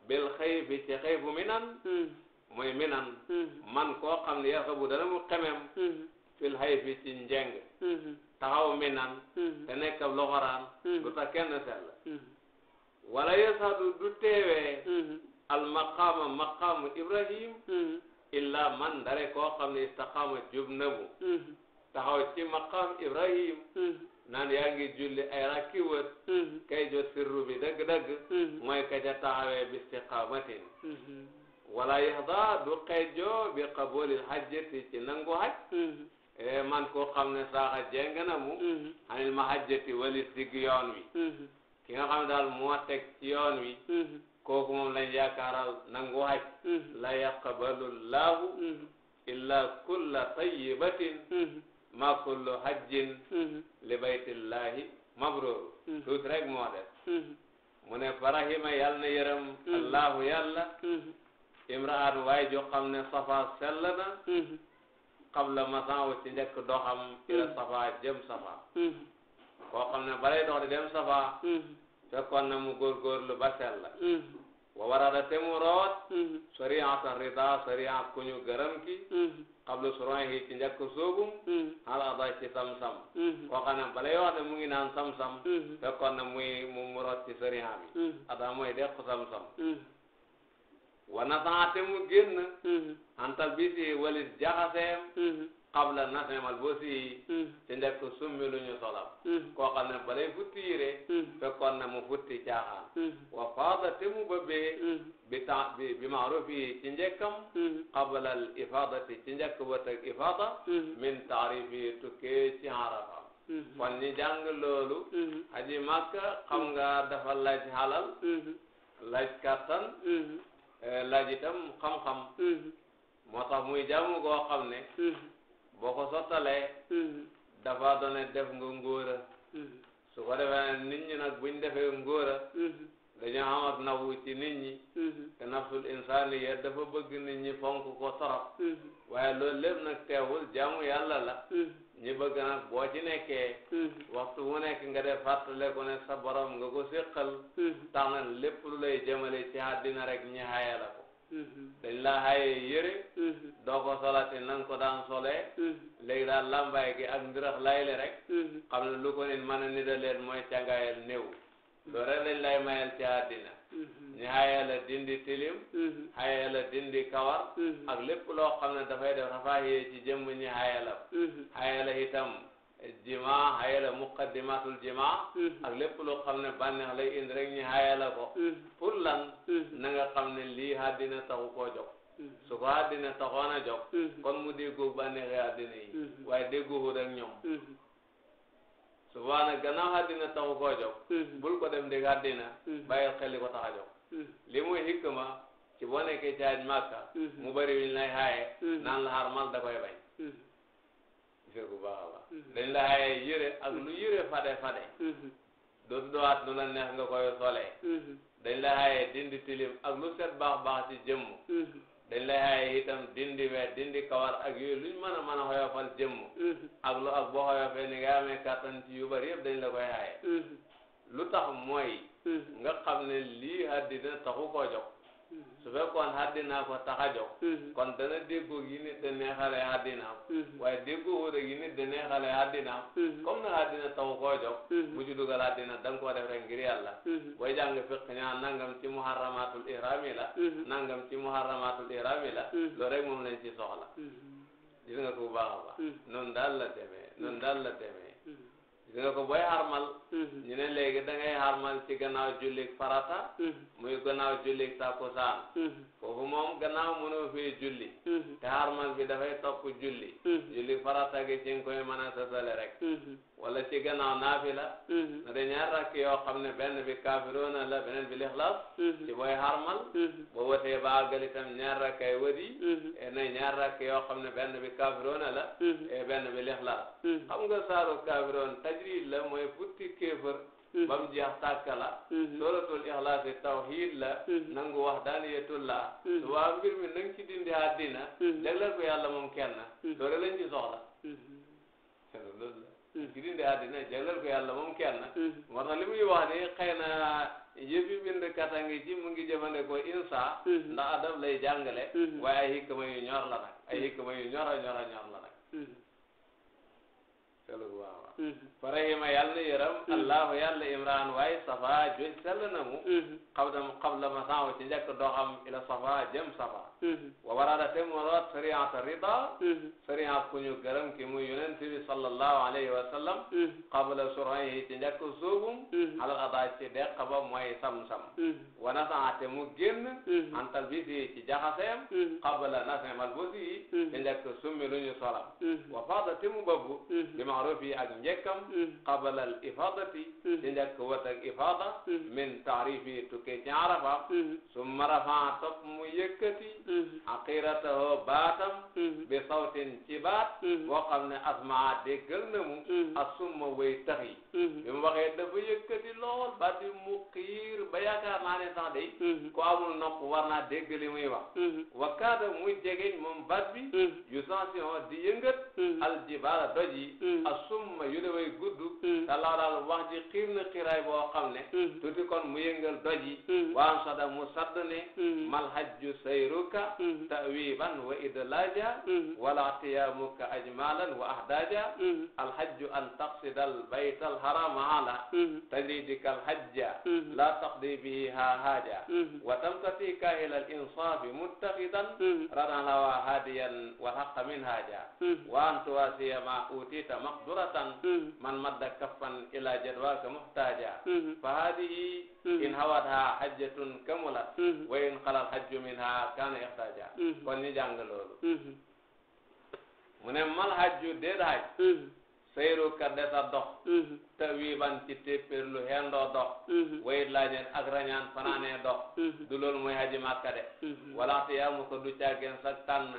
bil xëy bi ci xëy minan mooy minan man koo xam ne yàlla bu dana mu xemem fil xëy ci njeng taxaw minan te nekk ab loxoraan du tax kenn sell wala yëg du teewee al maqaama maqaamu Ibrahim illa man ndare koo xam ne istaqama jub mu mm-hmm. taxaw ci maqam ibrahim mm-hmm. naan yaa julli ay mm-hmm. kay jo sirru bi dëgg-dëgg mooy ka ca taxawee bi istiqamatin wala yahda du xëy joo bi qabolil hajjati ci nangu haj e man ko xam ne saaxa jéng na mu anil ma hajjati walis digg yoon wi ki nga xam daal moo teg ci yoon wi kooku moom lañ yaakaaral nangu haj mm-hmm. la yaqbalu llahu mm-hmm. illa kulla tayyibatin mm-hmm. ma kullu hajjin li baytillahi mabrur tuuti rek moo mu ne barahima yàlla na yërëm allahu yàlla imraan waay jo xam ne safa sell ma qabla masan ci njëkk doxam ila safa jëm safa koo xam ne balay dox dem safa fekkoon na mu góorgóorlu ba sell la mm-hmm. wa warada te mu root mm-hmm. sariya sa rida sariya ku ñu gërëm ki xablu mm-hmm. suron yi ci njëkk soogum ala da ci sam-sam koo xam ne bala yoo xam ne mu ngi naan sam-sam fekkoon na muy mu mu root ci sariya bi ada mooy dekk sam-sam wa nasaate mu génn antal bi si walis jaxaseem qabla nasimal boo siyi hmm. ci njëkk summi lu ñu solal hmm. koo xam ne yire hmm. fekkoon na mu futti caaxaan wa faada mu bëbbee bi temps bi bi maarufi yi ci njëkkam qabla al ifadati teg ifada min taarifi tukkee ci arafam kon ñi jàng loolu aji màkka xam nga dafa laaj xalal laaj kattan eh, laaj itam xam-xam moo tax muy jàmm goo ne boo ko sottalee hmm. dafa doon ne def nga ngóora hmm. su ko defee nit ñi nag buñ defee ngóora hmm. dañoo am ak nawu ci nit ñi te nafsul insaaniya dafa bëgg nit ñi fonk ko torop waaye loolu lépp nag teewul jaamu yàlla la ñi bëgg nag boo ci nekkee waxtu wu nekk nga def fàttaleku ne sa borom nga ko séqal tax na lépp lu lay jëmale ci àddina rek ñi xaaya la Mm-hmm. dañ la xaye yére mm-hmm. doo ko solati ko daan solee mm-hmm. léegi daal làmbaay gi ak ndirax lay le rek xam ne lu ko nit mën a mooy càngaayal néew loolu rek lañ lay mayal ci àddina la dindi tilim xaye la dindi kawar ak lépp loo xam ne dafay def rafaaxiyee ci jëmm ñi xaye la xaye la itam jima hayala muqaddimatul jima ak lépp loo xam ne bànneex lay indi rek ñu hayala ko pour lan na nga xam ne lii àddina taxu koo jóg su ko àddina taxoon a jóg kon mu déggoo bànneexi àddina yi waaye déggoohu rek ñoom su boobaa nag gannaaw àddina taxu koo jóg bul ko dem dégg àddina bàyyil xel li ko tax a li muy hikma ci boo nekkee caaj màkka mu bëri wiñ lay xaaye naan la xarmal da koy bañ gis bu baax a baax dañ la xaye yére ak lu yére fade fade mm-hmm. dootu dowaat lu la neex nga koy solee mm-hmm. dañ la xaye dindi tilim ak lu set baax baax ci jëmm mm-hmm. dañ la xaye itam dindi wet dindi kawar ak yooyu luñ mën a mën a xoyofal jëmm ak lu ak boo xoyofee ni nga amee kàttan ci yu bari yëpp dañ la koy xaye lu tax mooy nga xam ne lii haddi dina taxu koo Mhm. su ko tax a jóg mhm. kon dana déggoo yi nit da neexale haddinaam mhm. waaye déggoo wóor ak yi nit da neexale haddinaam na haddina taw koo jóg mu ko bu baax a baax noonu daal la demee noonu gis nga ko booy harmal mm-hmm. ñu ne léegi da ngay harmal ci gannaaw jullik farata mm-hmm. muy gannaaw jullik takusaan mm-hmm. kooku moom gannaaw mënoo fee julli mhm. te xarmal bi dafay topp julli mhm. julli farata gi ci nga koy mën a sasale rek mhm. wala ci gannaaw naafila na de ñaar rakk yoo xam ne benn bi kaafiroona la beneen bi lixlaas ci booy xarmal boo watee ba àggal itam ñaar rakk ay wëri na ñaar rakk yoo xam ne benn bi kaafiroona la benn bi lixlaas xam nga saaru kaafiroon tajrid la mooy futti kéefër Hmm. ba mu jeex tàkka la hmm. suratul ixlaas tawhid la hmm. nangu wax daaniyetul la waa mbir nang ci dindi àddina jagleel ko yàlla moom kenn loolu lañ ci soxla loolu la ci dindi àddina jagleel yàlla moom kenn moo wax ni xëy na yëfi bind kata ngi ci mu ngi jëfandikoo insa ndax adab lay jàngale waaye ay hikma yu ñor la nag ay hikma yu ñor a ñor a fa mm-hmm. rahima yàlla yërëm mm-hmm. allahu yàlla imran waaye safa joj sell na mu xabla mm-hmm. xabla masan o ci njëkk doxam ila safa jëm safa wa warada te mu root sariata rida sariat ku ñu gërëm ki muy yonent bi sallallahu alayhi wa sallam xabla suran yi ci njëkk soogum alal ada ci deq ba mooy sam-sam wa nasan te mu génn antal bi si ci jaxaseem xabla nasemal bosi yi ci njëkk summi lu ñu solam wa faada te mu babbu bi maaruf yi ak njëkkam mm. qabalal ifadati ci mm. njëkk wat ak ifada mm. min taarifi tukke ci arafa summa rafa topp mu yëkkati aqirataho baatam bi sawtin ci baat boo xam ne asmaa déggal na mu asumma way tax yi bi mu waxee dafa yëkkati lool ba di mu xiir ba yaakaar naa ne sax ko amul nopp war naa dégg li muy wax wakkaada muy jegeñ bi yu sension di yëngat Mm-hmm. aljibaala doj yi mm-hmm. asumma yu daway gudd mm-hmm. te law daal wax ji xiir na xiraay boo xam ne tuuti kon mu yëngal doj yi waan sada mu sadd ne mal hajju sayruka tawiban wa idlaja wala tiyamuka ajmalan wa ahdaja alhajju an taqsida albayta alharama ala tajridika alhajja la taqdi bihi ha haja wa tamtasika ila alinsafi muttaxidan radan lawa hadiyan walhaqa min haja qarantu wasiyama utita maqduratan hmm. man madda kaffan ila jadwaka muhtaja hmm. fa hadihi hmm. in hawatha hajjatun kamulat wa in qalal hajju minha kana ihtaja kon ñu jàng loolu mu ne mal hajju déet haj sayru ka desa dox mhm. tawiban ci téppéer lu hendoo dox mhm. wayit laajeen ak rañaan fanaanee dox mhm. du loolu mooy aji màkka de walaxte yaa mu ko du caageen sa tànn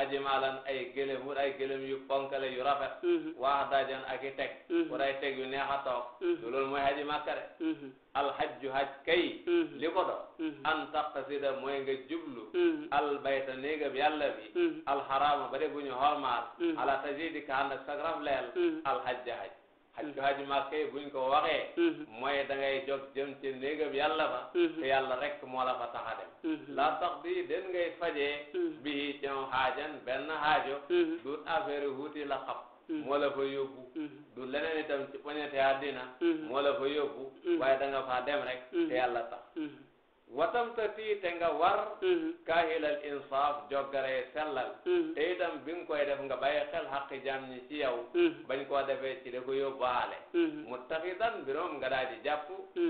aji maalan ay gëlëm wut ay gëlëm yu ponkale yu rafet waax daajan ak i wut ay teg yu neex a toog du loolu mooy aji màkka de alhajju haj kay mhm. li ko do mhm. an taqasida mooy nga jublu mhm. albayta néegam yàlla bi alxarama ba de bu ñu hormaal ala tajidi ka ànd ak sag rafleel alhajja haj hajju kay buñ ko waxee mooy da ngay jóg jëm ci néegam yàlla ba te yàlla rek moo la fa tax a dem la tax di den ngay fajee bii jëm xaajan benn xaajo duut affaire wuuti la xam Mm-hmm. moo la fa yóbbu mm-hmm. du leneen itam ci poñete àddina mm-hmm. moo la fa yóbbu waaye da nga faa dem rek te yàlla tax watam ta tii te nga war mm-hmm. kaahilal insaaf joggaree sellal mm-hmm. te itam bi nga koy def nga bàyyi xel xaqi jaam ñi ci yow mm-hmm. bañ koo defee ci da ko yo yóbbaale mu taxidan mbiroom nga daa ji jàpp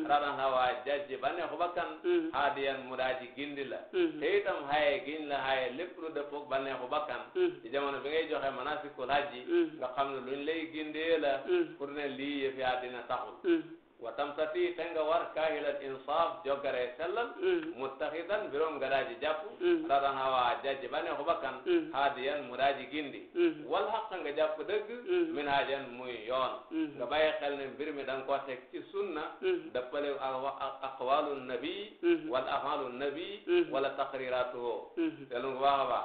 radan hawaa jajji ba neexu bakkan haadiyan mu daa ji gindi la te itam xaye giñ la xaye lépp lu dëppoog ba neexu bakkan ci jamono bi ngay joxe manasikul hajji nga xam ne luñ lay gindee la pour ne lii yëfi àddina taxul wa tamtati te nga war kahilan insaaf joggare sellal muttaxidan mbirom nga daaji jàpp radan hawa jajji bane ko bakkan haadiyan mu daaji gindi wal xaq nga jàpp min haajan muy yoon nga bàyyi xel ne mbir mi da nga koo teg ci sunna dëppale ak aqwalu nabi wala afalu nabi wala taqriratuhu te lu nga a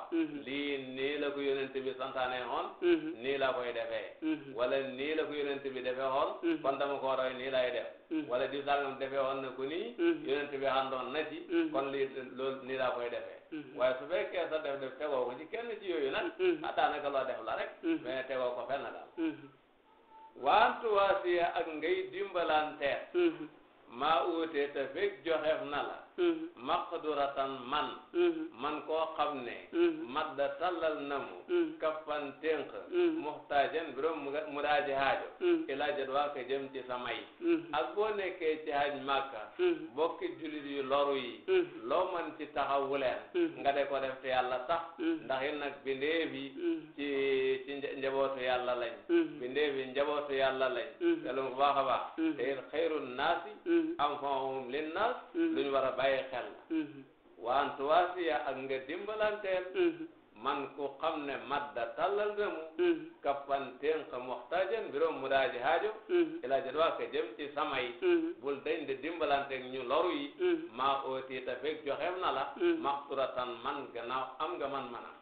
lii nii la ko yonente bi santaane xoon nii la koy defee wala nii la ko yonente bi defee xoon kon ko roy nii lay def def mm. wala diw sàngam defee woon na ko nii mm. yonent bi àndoon na ci mm. kon lii loolu nii laa koy defee waaye su fekkee sa def def tegoo ko ci kenn ci yooyu nag ah daanaka loo def la rek mais tegoo ko fenn daal waantuwaasiya ak ngay dimbalanteer maa uute te fekk joxeef na la Mm-hmm. maqduratan man mm-hmm. man koo xam ne mm-hmm. madda tallal namu kaffan ténk muxtaajan biroom mu daaji haajo ilaa jadwaa ka jëm ci samay ak boo nekkee ci haj màkka bokki julit yu loru yi loo man ci taxawu leen nga de ko def te yàlla tax ndax nag bindéef yi ci ci njabootu yàlla lañ bindéef yi njabootu yàlla lañ te lu baax a baax te it xayrun naasi anfa'uhum linnaas luñ war a bàyyi xel la mm-hmm. waan tuwaasiya ak nga dimbalanteel mm-hmm. man ku xam ne madda tallal na mu mm-hmm. kappanteen ka muxtaajan mbiroom mu daaji haajo ila jadwa ka jëm ci sama yi bul dañ di dimbalanteeg ñu loru yi maa ootiita fekk joxeem na la maxturatan man gannaaw am nga man manam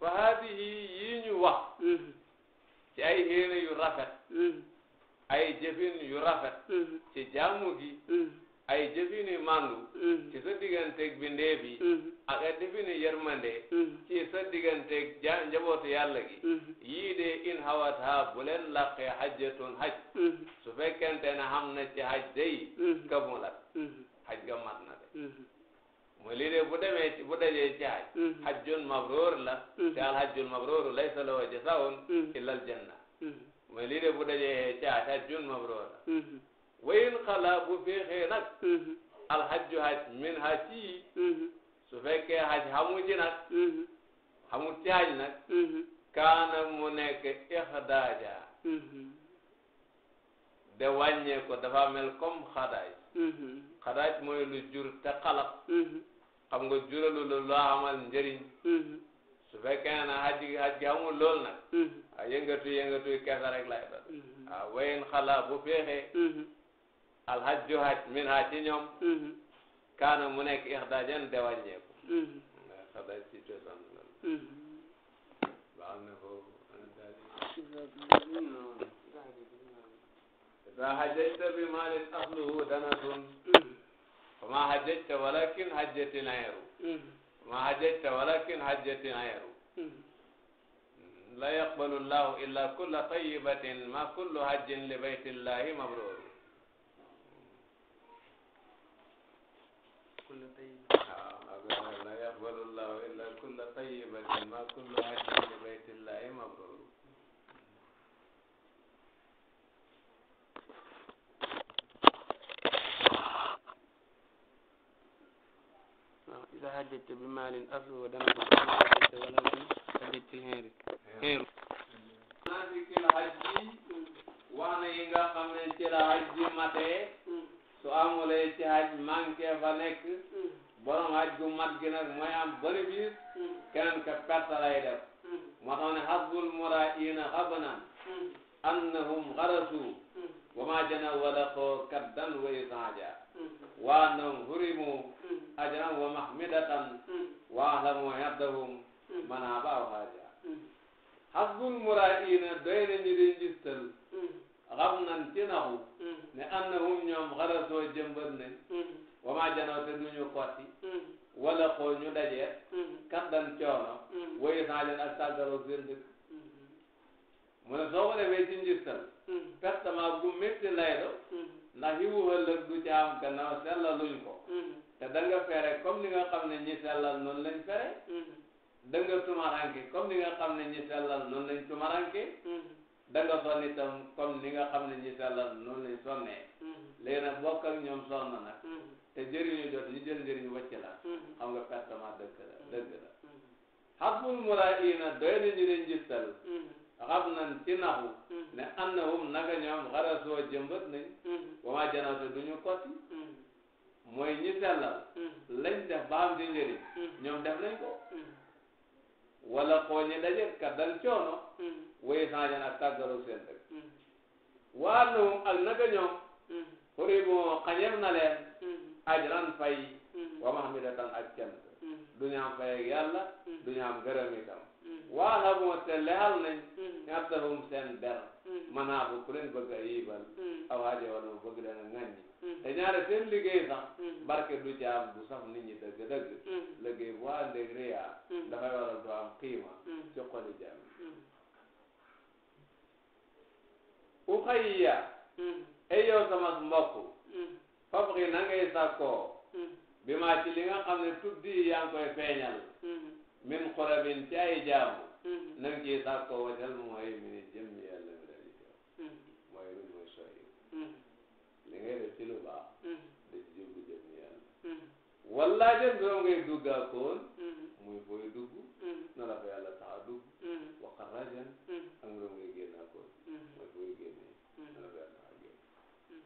fa haadihi yii ñu wax ci ay xéene yu rafet ay jëfin yu rafet ci jaamu gi ay jëfini mandu mm-hmm. ci sa digganteeg bindee bi mm-hmm. ak ay jëfini mm-hmm. ci sa digganteeg ja njabootu yàlla gi yii de in hawat ha bu leen laqee hajjatun haj su fekkente ne xam na ci haj day ka mu haj ga mat na de mooy lii de bu demee ci bu dajee hajjun mabroor la te al hajjun mabroor laysa lahu jazaa'un illa al janna mooy lii de bu dajee hajjun mabroor la wayin xala bu féexee nag mm-hmm. alhajju haj min haj yi mm-hmm. su fekkee haj xamu ci nag mm-hmm. xamu ci nag kaana mu nekk ixdaaja de wàññee ko dafa mel comme xadaaj xadaaj mooy lu jur te xalaq xam nga juralu la loo amal njëriñ su fekkee na haj gi haj lool nag a ah, yëngatu yëngatu kese lay doon waaw ah, wayin xala bu féexee alhajju haj min ha ci ñoom kaana mu nekk ixdaajan de wàññeeku xada ci cosaan loolu baax na foofu ida hajjajta bi maalin asluhu danatun fama hajjajta walakin hajjati nayru fama hajjajta walakin hajjati nayru la yaqbalu llahu illa kulla tayibatin ma kullu hajjin li baytillahi mabrur hibati ma kullu hajjin li baytillahi mabrur إذا حججت بمال أصل ودمت حججت ولو حججت الهير هير مناسك الحج وانا ينغا خمنا تلا حج متى سو أمولي تحج مانك فنك borom aj gu mat gi nag mooy am bénéfice ka perte lay def hmm. moo tax ne xasbul muraa'iina hmm. annahum xarasu hmm. wa ma jana walaqoo kaddan wa isaaja wa annahum hurimu ajran wa mahmidatan wa ahlamu haddahum manaba aw haja xasbul muraa'iina doy na ñu di njistal xam nan ci naxu ne annahum ñoom xarasoo wama janaw mm. wala xool ñu dajee mm. kat dan coono mm. wayu naa leen ak sàggaroo seen dëkk mm-hmm. mu ne soo ko defee ci njistal pertement bu métti lay do mm-hmm. ndax yi wu ëllëg du ci am gannaaw sellaluñ ko mm-hmm. te da nga fere comme ni nga xam ne ñi sellal noonu lañ fere da nga tumaranke comme ni nga xam ne ñi sellal noonu lañ tumaranke da nga sonn itam comme ni nga xam ne ñi sellal noonu lañ sonnee léegi nag bokk te jëriñu jot ñu jël njëriñ wàcc la mm-hmm. xam nga pertement dëgg la mm-hmm. dëgg la xabul mm-hmm. muraayina doy na ñu leen njittal xam nañ ci naxu ne annahum naka ñoom xarasoo jëmbat nañ wamaa janaase du ñu kotti mooy ñi sellal lañ def ba am ci njëriñ ñoom def nañ ko wala koo ñi daje ka dal coono way sanjan ak tàggaloo seen dëkk waa annahum ak naka ñoom xuri bo xañeef na leen ajran fay mm-hmm. wa mahmidatan ak cant mm-hmm. du ñu am fay ak yàlla mm-hmm. du ñu am gërëm itam waa xamoo te lehal nañ ñattahum seen der manaa bu ku leen bëgg a yiibal aw aajo wala mu bëgg leen a ŋàññi te ñaare seen liggéey sax barke du ci am du saf nit ñi dëgg-dëgg liggéey bu àndeeg riya dafay waral du am xiima ci xoli jàmm uxayya ay yow sama mbokk fab xi na ngay hmm. bi maa ci li nga xam ne tuddi yaa ngi koy feeñal hmm. min xurabin ci ay jaamu hmm. na nga ciy sàkkoo wajal mooy mini jëmm yàlla bi dali jow mooy min mooy soyi li ngay def ci lu baax da ci jublu jëmm yàlla wallaa jëm doo ngay duggaa koon muy booy dugg na la fa yàlla tax a dugg waqarrajan am doo ngay génnaa koon mooy booy génnee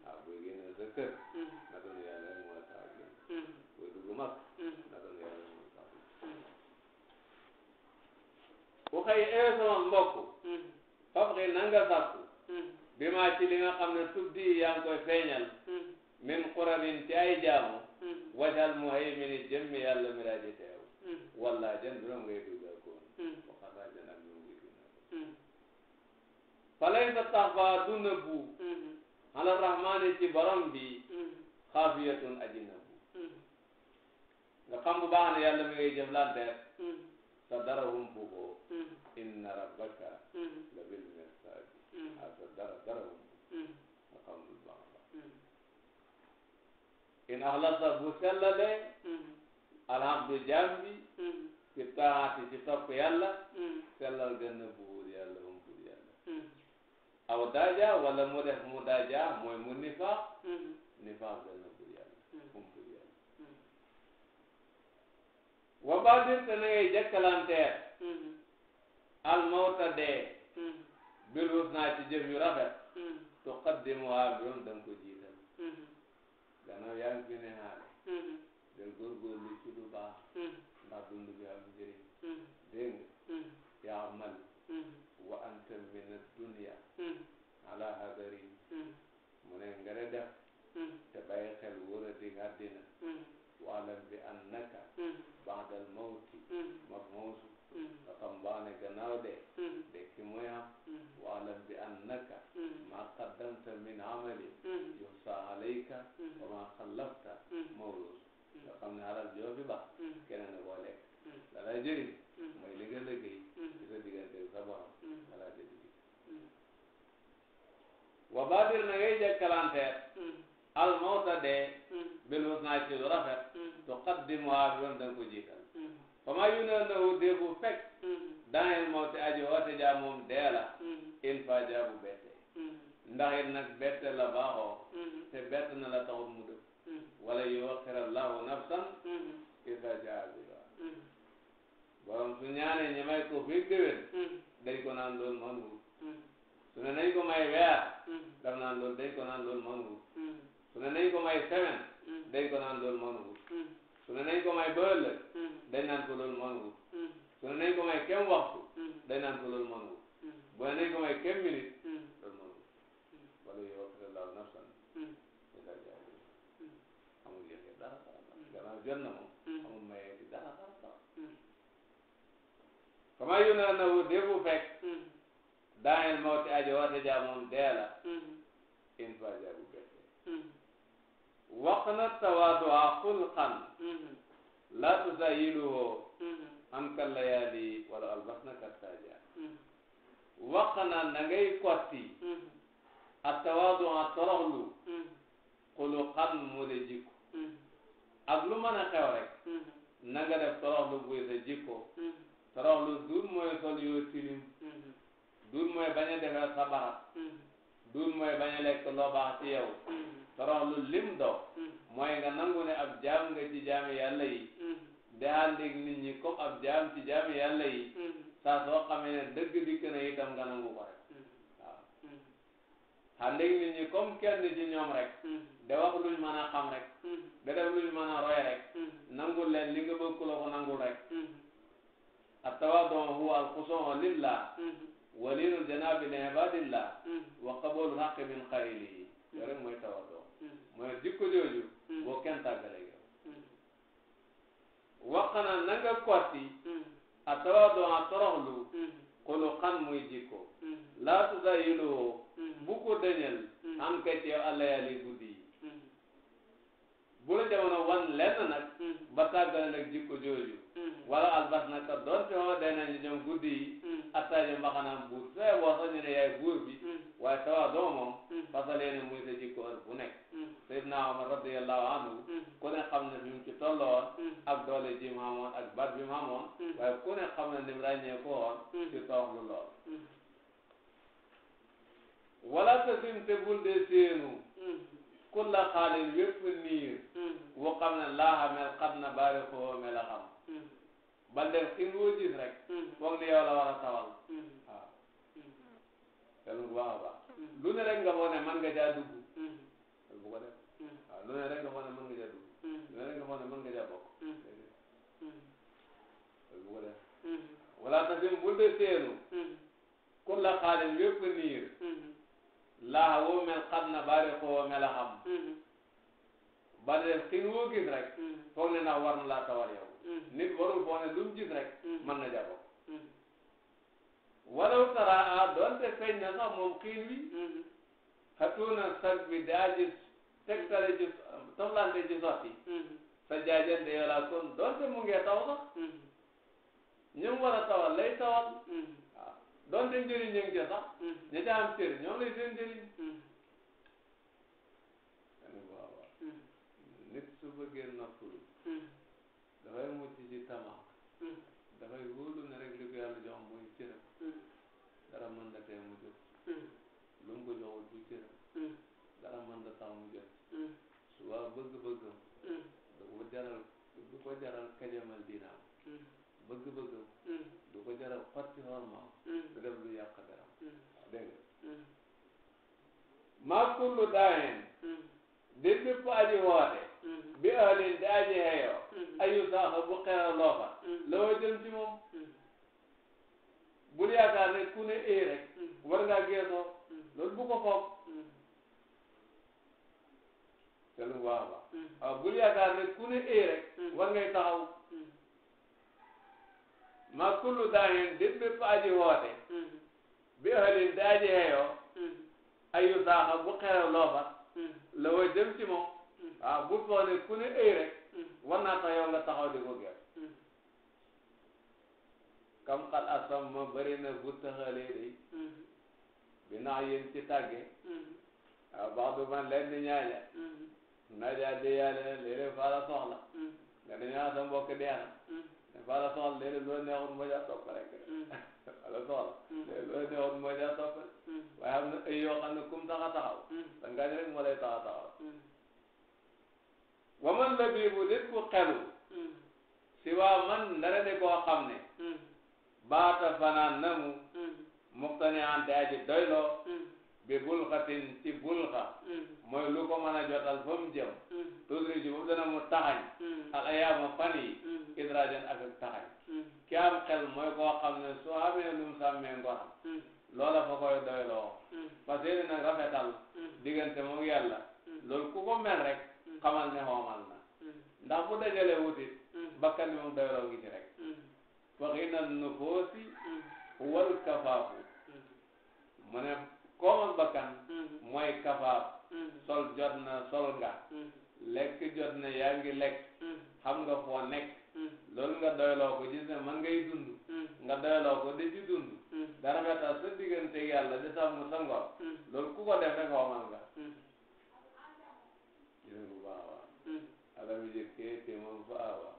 waaw buy génn sa kër na doon yàlla rek moo tax génn buy dugg mag na doon yàlla rek moo tax ku xëy ee sama mbokk fab xëy na nga sàkku bi maa ci li nga xam ne tubdi yi yaa ngi koy feeñal min xuranin ci ay jaamu wajal mu xëy mi ni jëmmi yàlla mi daa ji teew walla jën duram ngay dugga koon wa xasaa jën ak ñu ngi dugga ko falay sa tax baa du nëbbu ala rahmaani ci borom bi mm-hmm. xaafiyatun aji nëbbu mm-hmm. nga xam bu baax ne yàlla mi ngay jëflante mm-hmm. sa dara humpu ko inna rabbaka la bil dara dara humpu in axlasa bu sellale alhamdu jaam bi ci taati ci topp yàlla sellal gën a buur yàlla humpu aw daaja wala mu def mu daaja mooy mu nifaax mm-hmm. nifaax dana bur yàlla mm-hmm. um bur yàlla mm-hmm. wa baadir te na ngay jëkkalanteer al mawta dee bil husna ci jëf yu rafet tuqaddimuha biom da nga ko jiital gannaaw yaa ngi fi ne xaale del góorgóorlu ci lu baax ndax dund bi am njëriñ dégg nga yaa man wa anta min ad-dunya ala hadari mu ne nga ne def te bàyyi xel wóor a dig àddina waalam bi annaka ba'da al-mawti mab'uusun nga xam baane gannaaw de dekki mooy am waalam bi annaka ma qaddamta min amali yuhsa alayka wa ma xallafta mawruus nga xam ne alal joo fi baax keneen a boo lekk la lay jëriñ Mm-hmm. mooy li nga liggéey mm-hmm. ci sa digganteeg sa borom wala dëgg bi wa baadir na ngay jëkkalanteer mm-hmm. al mawta dee bil husna ci lu rafet tuqaddimuha bi woon da nga ko jiital fa maa yu ne nawu dee bu fekk daaneel mawti aji woote jaa moom dee la in fa jaa bu bette ndax it la baaxoo te bett na la taxut mu dëpp wala yuwaxira llahu nafsan isa jaa bi borom su ñaanee ñu may ko fii déwén dañ ko naan loolu mangu su ne nañ ko may weer daf naan loolu dañ ko naan loolu mangu su ne nañ ko may semaine dañ ko naan loolu mangu su ne nañ ko may ba ëllëg dañ naan ko loolu mangu su ne nañ ko may kem waxtu dañ naan ko loolu mangu bu ne nañ ko may kem minute loolu mangu wala yow sallallahu nafsan ila jaabi amul yëfe dara dara gannaaw jot na moom amul mayee ci dara dara kama yu na na wu debu fekk mm-hmm. daaneel mawti aji woote jaa moom dee la mm-hmm. in fa jabu bette mm-hmm. waq na tawaadua xulqan la tuzayiluhu an kal layaali wala albas na kattaaja waq na na ngay kotti a tawaadua toroxlu xuluqan mu de jikko ak lu mën a xew rek na nga def toroxlu buy sa jikko torox lu duun mooy sol yoo tilim mm-hmm. duun mooy bañ a defar sa mm-hmm. mooy bañ a lekk loo baax ci mm-hmm. lu lim do mooy nga nangu ne ab jaam nga ci jaami yàlla de ànd ak nit ñi comme ab jaam ci jaami yàlla yi saa soo xamee ne dëgg dikk na itam nga nangu ko rek waaw ànd ak nit rek de wax luñ mën a rek de def luñ mën a rek nangul leen li nga bëgg ku la ko nangul rek التواضع هو الخضوع لله ولين الجناب لعباد الله وقبول الحق من قرينه loolu rek mooy tawaadoo mooy jikko jooju boo kenn tàggale yow waxana na nga kotti a tawaadoo a toroxlu xuluqan muy jikko laa tudayiloo bu ko dëñal am ka ci yow alla yàlla guddi yi bu la jamono wan lenn nag. ba tàggale nag jikko jooju. Hmm. wala albas nag ka doon coono day nañu ñoom guddi yi. Hmm. attaaje mbaxanaam buur su dee boo ñu ne yaay buur bi. Hmm. waaye tawa doo moom. fasalee ne muy sa jikko heure bu nekk. Seydina Omar radiyallahu anhu. ku ne xam ne fi mu ci tolloon. ak ji mu amoon ak baat mu amoon. waaye ku ne ne ni mu ràññee ko ci toog lu lool. wala sa sim te bul dee seenu. kulla xaalin wépp niir mm-hmm. woo xam ne laaxa mel na baari xoo mel a xam mm-hmm. bal def xin woo gis rek mm-hmm. foog ne yow la war a tawal waaw tel bu baax a baax lu ne rek nga foog ne man nga caa dugg bu ko def waaw lu ne rek nga foog ne man nga caa dugg lu ne rek nga foog ne man nga caa laaxa woo mel xam na bari xoo mel a xam ba def tin woo rek foog ne ndax war na laa tawar yow nit warul foog ne lu mu gis rek mën na jabo walaw tara a doonte feeñ na moom xiin wi xatuuna sag bi daa gis tegtale ci toflante ci sotti sa jaajante yoolaa kon doonte mu ngee taw sax ñoom war a tawal lay tawal doonte njëriñ ñu ngi ca sax. ña ca am cër ñoom lay seen njëriñ. nit su bëggee noppi kullu daayin di bépp aji woote bi ahlin di aji xeyoo ayu saaxa bu xeeral loo fa la wa jëm moom mm-hmm. bul yaakaar ne ku ne ee eh rek mm-hmm. war ngaa geesoo mm-hmm. loolu ko foog te lu baax a baax waaw bul yaakaar ne ku ne ee eh rek war ngay taxaw ma kullu daayin di bépp aji woote bi ahlin di aji ayu zaaxa bu xerew loo fa hmm. la way dem ci moom hmm. waaw bu toolee ku ne ay rek hmm. war naa tax yow nga taxaw di ko gër kam xal asam ma na bu taxalee day bi naa yéen ci tàgge waaw bax du man leen di ñaaja naajaa di yaale léeg-léeg faa la soxla nga dañaa sa mbokk deena faa la soxla léeg-léeg loolu neexul ma jaa topp rek wala soxla mm. loolu ne woon mooy daa topp mm. waaye am na ay yoo xam kum tax a taxaw da mm. ngaa rek moo lay tax a taxaw la biibu nit ku xelu si waa man ndara de koo xam ne baata fanaan na mu muxtane ante aji doyloo bi bulxatin ci bulxa mooy lu ko mën a jotal fa mu jëm tudri ji boobu mu taxañ al ayaama fan yi idrajan ak ak hmm. ki am xel mooy koo xam ne soo amee lu hmm. loola fa koy doyloo parce hmm. que yéen nag rafetal diggante moom yàlla loolu ku ko mel rek xamal ne xoomal na ndax bu dajalee wutit bakkan bi moom doyloo ngi ci rek wa xiinal nufoosi wal kafaafu mu ne koomal bakkan mooy kafaaf sol jot na sol nga lekk jot na yaa ngi lekk xam nga foo nekk Hmm. loolu nga doyloo ko gis ne man ngay dund hmm. nga doyloo ko di ci dund hmm. dara beta sa diggante yàlla di sàmm sa ngor loolu ku ko def rek xoomal nga gis bu baax alami jëkkee te moom faawa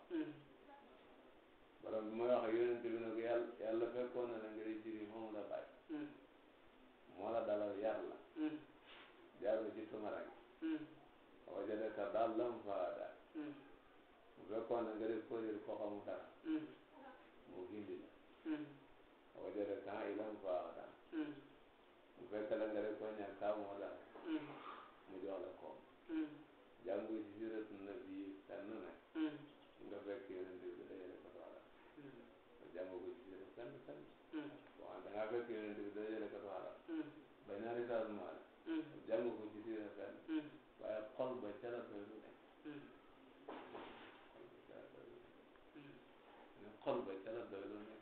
borom bi mooy wax yonent bi ne ko yàlla yàlla fekkoon na la nga di jiri moom la bàyyi moo la dalal yar la jaar ci tumaraag wajadaka dallan fahadaa fekkoon na nga def ko réer ko xamu dara mu gindi la wajada kan ilan ko awadan mu fekk la nga def ko ñàkk xamoo dara mu jox la koom jàngu ci siratu nabi tànn na nga fekk yonent bi dajale ko soxla jàngu ko ci siratu kenn kenn waaw da ngaa fekk yonent bi dajale ko soxla bañ naa risaas mu jàngu ko ci siratu kenn waaye xol ba ca la koy lu ne xol ba ca la doylu nekk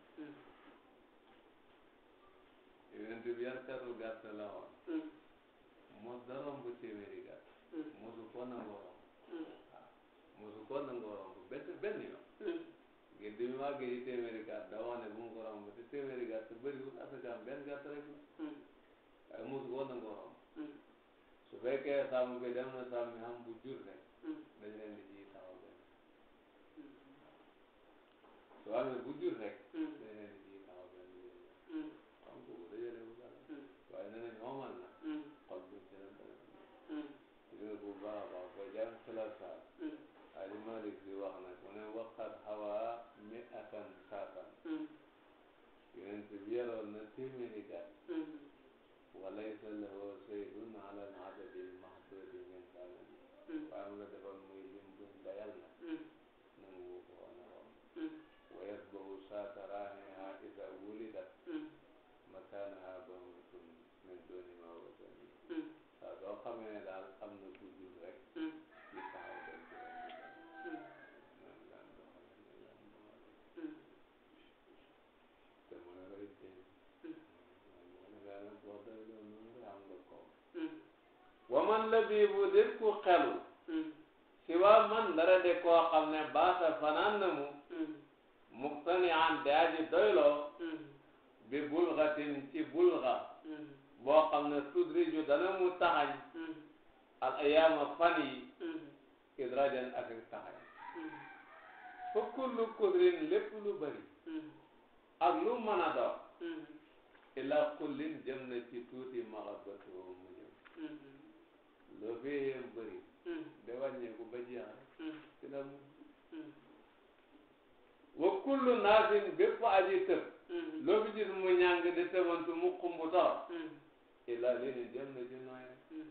yonent bi yarkatu gàtt la woon mos da romb téeméeri gàtt mosu ko nangoo romb mosu ko nangoo romb benn benn yoon gerte bi maa ngi ci téeméeri gàtt daa wax ne bu mu ko romb te téeméeri gàtt bëriwul asakaam benn gàtt rek la waaye mosu ko nangoo romb su fekkee sàmm bi dem na sàmm yi am bu jur rek dañ leen di ji waaye bu jur rek. leneen li ciy gaaw a gën a yéeme. xam nga bu dajale bu dara. waaye nee nañ moomal na. xol bu jëlee dara. jëlee bu baax a baax ba jàng xilaasaat. Ali Malik si wax na mu ne waqat hawaa mi atan saatan. yeneen ci yoroon na téeméeri gaal. walaysa lahu saydun ala al adadi mahdudi min waaye mu la defal muy lim buñ dayal na. ويتبع ساترانها إذا ولدت مكانها بهرة من دون ما وزني saa soo xamee ne daal am na ku jur rek ci taxaw dem ci dem noonu daan doxale noonu daan doxale te mën a rëy te mën a gaana boo doy doon noonu am nga koom wa man la bii bu dir ku xelu si waa man dara de koo xam ne baasa fanaan na mu muqtani an de aji doyloo bi bulxatin ci bulxa boo xam ne tudriju dana mu taxañ al ayaama fan yi idrajan ak taxañ fa kullu kudrin lépp lu bëri ak lu mën a ila kullin jëm na ci tuuti maxabatu mu jëm loo feeyee bëri da wàññeeku ba jeexal ci la mu wa kullu naasin bépp aji tëb mm-hmm. loo fi gis mu ñàng di tëbantu mu xumbu tor illa léegi jëm na ci nooy mm-hmm.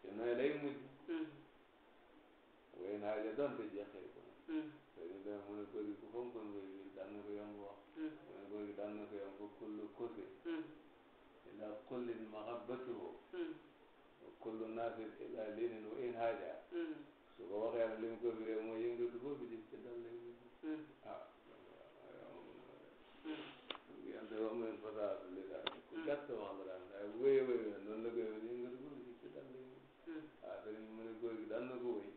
ci nooy lay mujj mm-hmm. way naa ja doon te jeexee ko léegi da mu ne góor gi ku fonkoon gi daan na ko yomb wax mu ne góor gi daan na ko yomb ko kullu kursi ila kullin mahabbatuhu wa kullu naasin illa léegi wa in haaja su ko waxee nag li mu ko firee mooy yëngatu boobu di ci dal lay hmm. ah hmm. yàlla wax ma leen fasaa li daal hmm. ku gàtt wax la daal waaye wéy wéy na noonu la koy wax yëngatu boobu di ci dal lay ah te ñu mu ne góor gi daan na ko wéy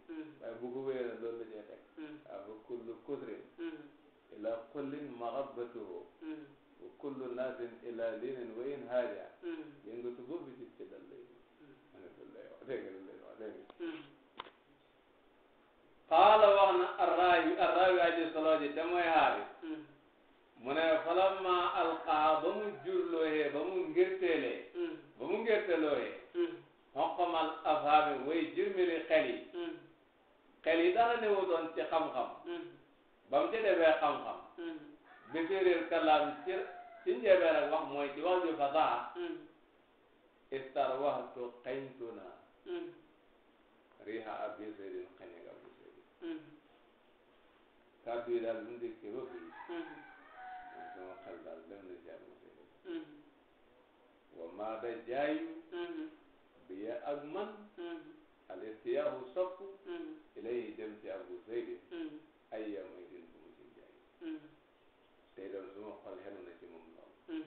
waaye bu ko wéyee nag loolu la cee teg ah ba kullu kudrin ila kullin maxabbatuhu wa kullu naasin ila linin wa in haaja yëngatu boobu di ci dal lay ma ne loolu lay wax dégg nga loolu lay wax dégg nga qaala wax na arraawi arraawi aji solo ji te mooy xaari mm-hmm. mu ne falamma alqaa ba mu jurlooyee ba mu ngirteelee mm-hmm. ba mu ngirtelooyee mm-hmm. xoqamal afhaami way jërmiri xel yi xel yi dara ne wutoon ci xam-xam ba mu ci defee xam-xam bi séeréer kalaam ci ci njebee rek wax mooy ci wax ju fasaha istar waxtu xeñtu riha abi séeréer kàddu yi daal mu dikkee ba fii sama xel daal dem na ci almasih hmm. wa maa da jaayu hmm. biya ak man hmm. alistiyaahu sopp ilayi dem ci abu zeydi ay yamay din bu mu ci jaay tey doon suma xol xenu na ci moom lool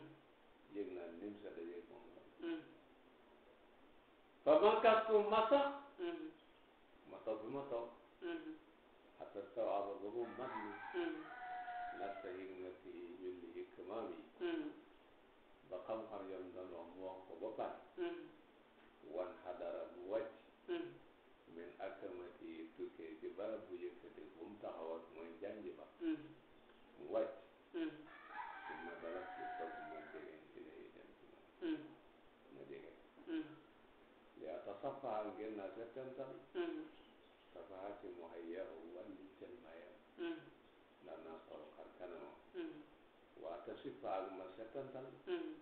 yëg naa nim sa dajeg moom lool fa man kas ku masa ma toog bi ma حتى استوعبه مهما من فهمته من إكمامي ba xam-xam yam doon wax mu wax ko ba pare hmm. wan xadara mu wàcc hmm. min akamati yi tukkee ci barab bu yëkkati bu hmm. mu taxawat mooy jàngi ba mu wàcc su ma barab ci toog ma jegeen ci lay dem ci moom ma jegeen yaa tasafaal ngeen naa settantal tafaha ci mu hayyahu tasifa ak ma setantal hmm.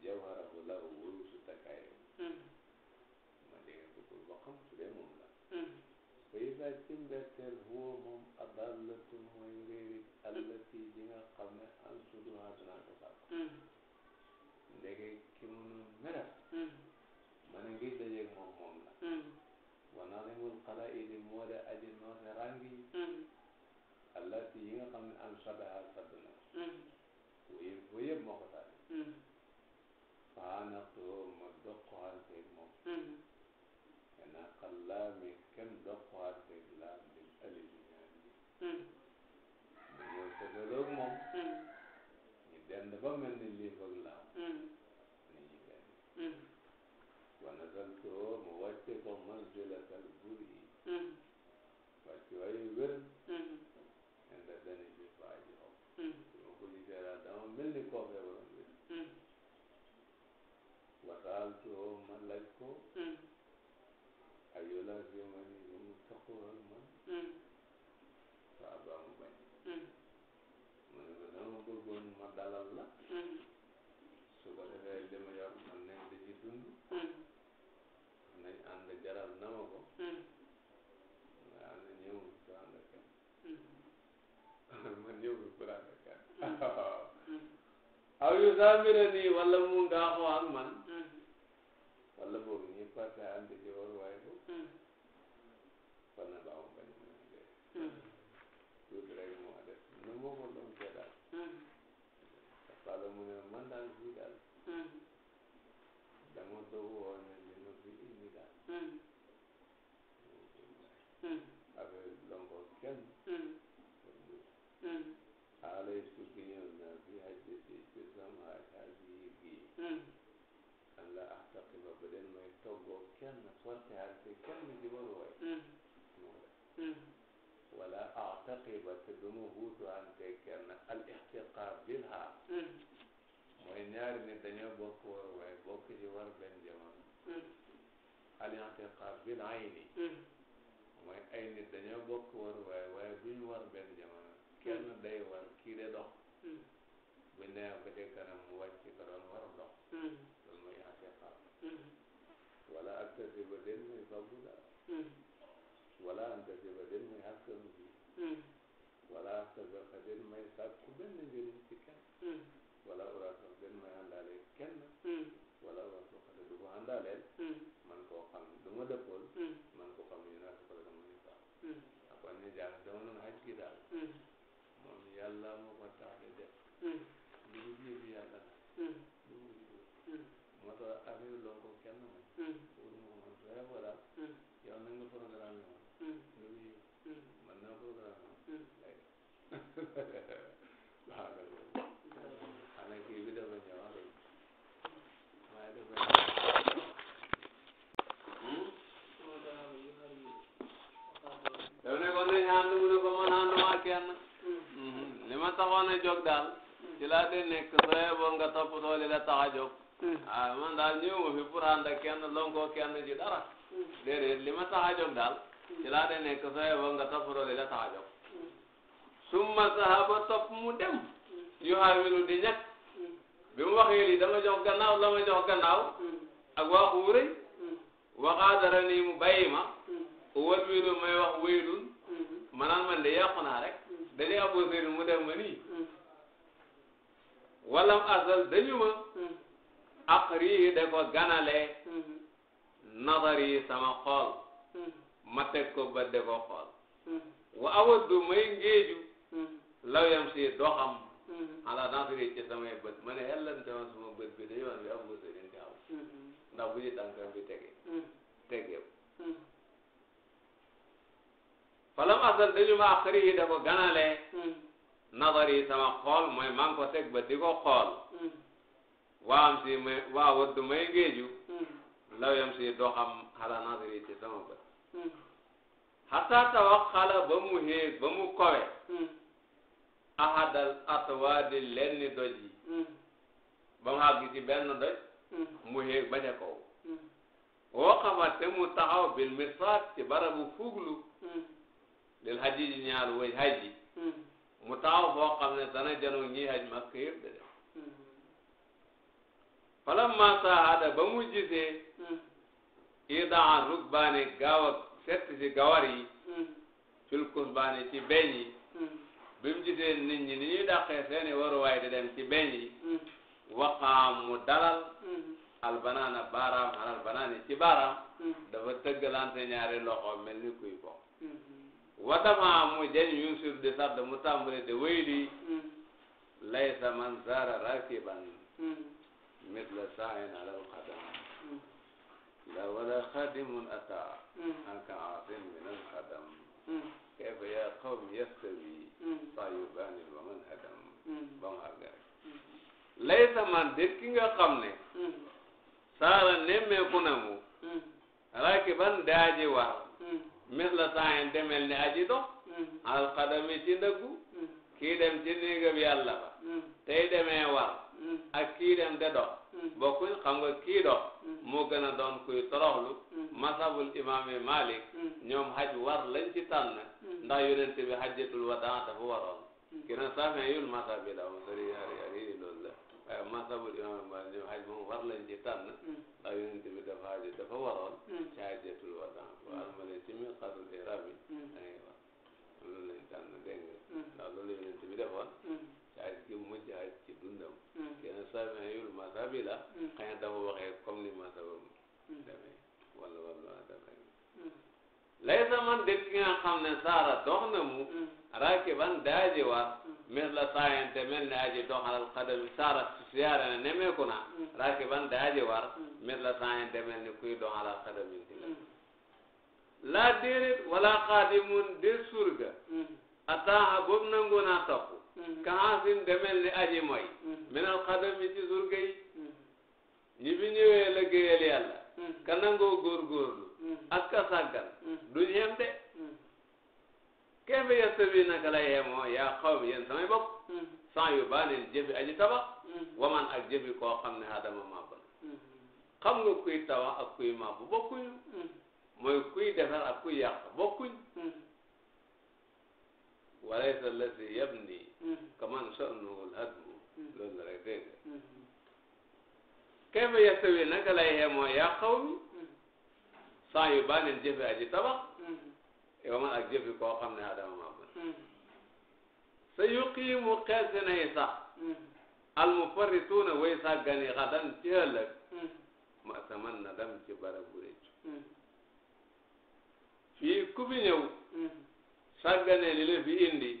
jawharahu lahu wurusu takaayam hmm. ma dégg ko pour ba xam su dee moom hmm. la fa ida ci mbetteel huwa moom adallatun mooy réeri allati ji nga xam ne an suduha danaa ko sàkk ndege ki munu meral ma ne ngi dajeeg moom moom la wanaa limul xala idi moo de aji noose rangi allati yi nga xam ne an sadaha sadd na wuyu bu yëpp moo ko tànn. faanaxtu ma doqanteeg moom. xanaa xallaa mi kenn doqanteeg laa di alif ñaan bi. mu ñëw tëgaloog moom. ñu dend ba mel ni liif ak laaw. Mm-hmm. ni ñu benn. Mm-hmm. wa nazaltu ma wàcce ko manzilatal buri. Mm-hmm. wàcce waayu wér. problème am bi wasaal joo ma laaj ko ayola bi ma ni lu mu taxawal man saa ba mu bañ ma ne ko dama bëggoon ma dalal la su ko defee li ma yor man nañ di ci dund nañ ànd jaral na ma ko nga ànd ñëw du ànd kenn man ñëw du ànd kenn aw yu saamira nii walla mu ngaaxoo ak man walla boog ñu passé ànd ci war waaye attaqiba te du ma wuutuwante kenn al ixtiqaab bil haar mooy ñaari nit daño bokk war waaye bokk ci war benn jamono al ixtiqaab bil ayni mooy ay nit dañoo bokk war waaye waaye buñ war benn jamono kenn day war kii de dox buñ nee ba ca kanam mu wàcc ka war dox loolu mooy wala ak tasiba den muy faggu dara wala an tasiba den muy askan wala sabaxa den may sàkku benn njëriñ ci kenn wala uraasax den may àndaale kenn wala uraasax de du ma àndaaleel man koo xam du ma dëppool man koo xam ñu naa ko la dama ni faaw ak wàññi jaar dama noon xaj gi daal mm. moom yàlla moo ko tax di def waaw xanaa kii bi dafa ñëw waaye dafa daf ne ko nañ ànd mu ne ko man ànduma kenn li ma taxoon a jóg daal ci laa de nekk sooy boo nga toppatoo li la tax a jóg ah man daal ñëwuma fi pour ànd ak kenn laa de nekk summa sahaba topp mu dem mm. yu xaawilu di ñàkk mm. bi mu waxee dama jox gannaaw la ma jox gannaaw mm. ak waxu wu rëy waxaadara nii mu bàyyi ma wat wilu may wax wéylun manaan man de yàqu naa rek dañuy aboo sëriñ mu dem ma nii walam asal dañu ma aqri yi da ganale nazar yi sama xool ma teg ko ba de ko xool wa awaddu may ngéeju Mm-hmm. law yam si doo xam ala dansiri ci samay bët ma ne xellante woon sama bët bi dañu woon bi am wësa nin gaaw ndax bu ci tànkam bi tege mm-hmm. tegew mm-hmm. falam asal dañu ma xëri yi da ko ganale nazar yi sama xool mooy maa ngi ko teg ba di ko xool waa am si may waa wëdd may géeju law yam si doo xam ala dansiri ci sama bët xataa tawaxala ba mu héeg ba mu kowe hmm. ahadal atwaadi lenni doj yi hmm. ba mu àgg ci benn doj hmm. mu héeg ba ca kaw te mu taxaw bil mirsaat ci barabu fuglu lil haji ji haji mu taxaw foo xam ne dana janoo ñiy haj makk yëpp de def falamma saada ba mu gisee idaa rukbaani gaaw ak sett ci gawar yi cul hmm. kusbaan yi ci beñ yi hmm. bi mu gisee nit ñi ni ñuy dàqee seeni waruwaay di dem ci beñ yi hmm. waxaam mu dalal albanaana baaraam alal banaani ci baaraam dafa tëggalante ñaari loxo mel ni kuy ko watamaa mu jañ yunsur di sadd mu tàmbali de wéyli laysa man zaara rakiban misla saayin alal qadam la wala xadimun ata mm. anka asim min alxadam mm. kayfa ya qawmi yastawi sayubani mm. wa man hadam ba mu àgg rek laysa man déet nga xam ne saara nemmeeku na mu rakiban daaji war misla saayin demel ni aji dox alxadami ci ndëggu kii dem ci néegam yàlla ba tey demee war ak kii dem de dox Mm-hmm. bokkul xam nga kii dox mm-hmm. moo gën a doon kuy toroxlu mm-hmm. masabul imaami Malik ñoom haj war lañ ci tànn ndax yonente bi hajjatul wadaa dafa waroon ki na saafin yul masabi la moom sori yaari yi loolu la waaye masabul imaami Malik ñoom haj moom war lañ ci tànn ndax yonente bi dafa haj dafa waroon xam ne saara dox na mu mm. daaji war mis mm. la saayante mel ne aji doxalal xadami saara siyaare na nemeeku na mm. rakiban daaji war mis la saayante mel ni kuy doxalal xadami laa déerit wala xaadimun de surga ataaxa boobu nangu naa topp ka xaasin demel ni aji mooy minal xadam yi ci surga yi ñi bi ñëwee liggéeyal yàlla ka nangoo góorgóorlu ak ka sàggan duñ xem de kayfa yastawi naka lay yemoo yaa qawmi yéen samay bopp mm-hmm. sans yu baanin jëbi aji tabax mm-hmm. waman ak jëbi koo xam ne adama màbb na mm-hmm. xam nga kuy tabax ak kuy màbb bokkuñu mooy kuy defar ak kuy yàq bokkuñ walaysa alladi yabni kaman sha'nuhu lhadmu loolu la rek dégg nga kayfa yastawi naka lay yemoo yaa qawmi sans yu baanin jëbi aji tabax yow ma ak jëfi koo xam ne adama ma bën hmm. sa yuqiimu xees nay sax hmm. al mufarrituuna way sàggani xadan ci ëllëg hmm. ma saman na dam ci barab bu fii ku ñëw sàggane li la fi indi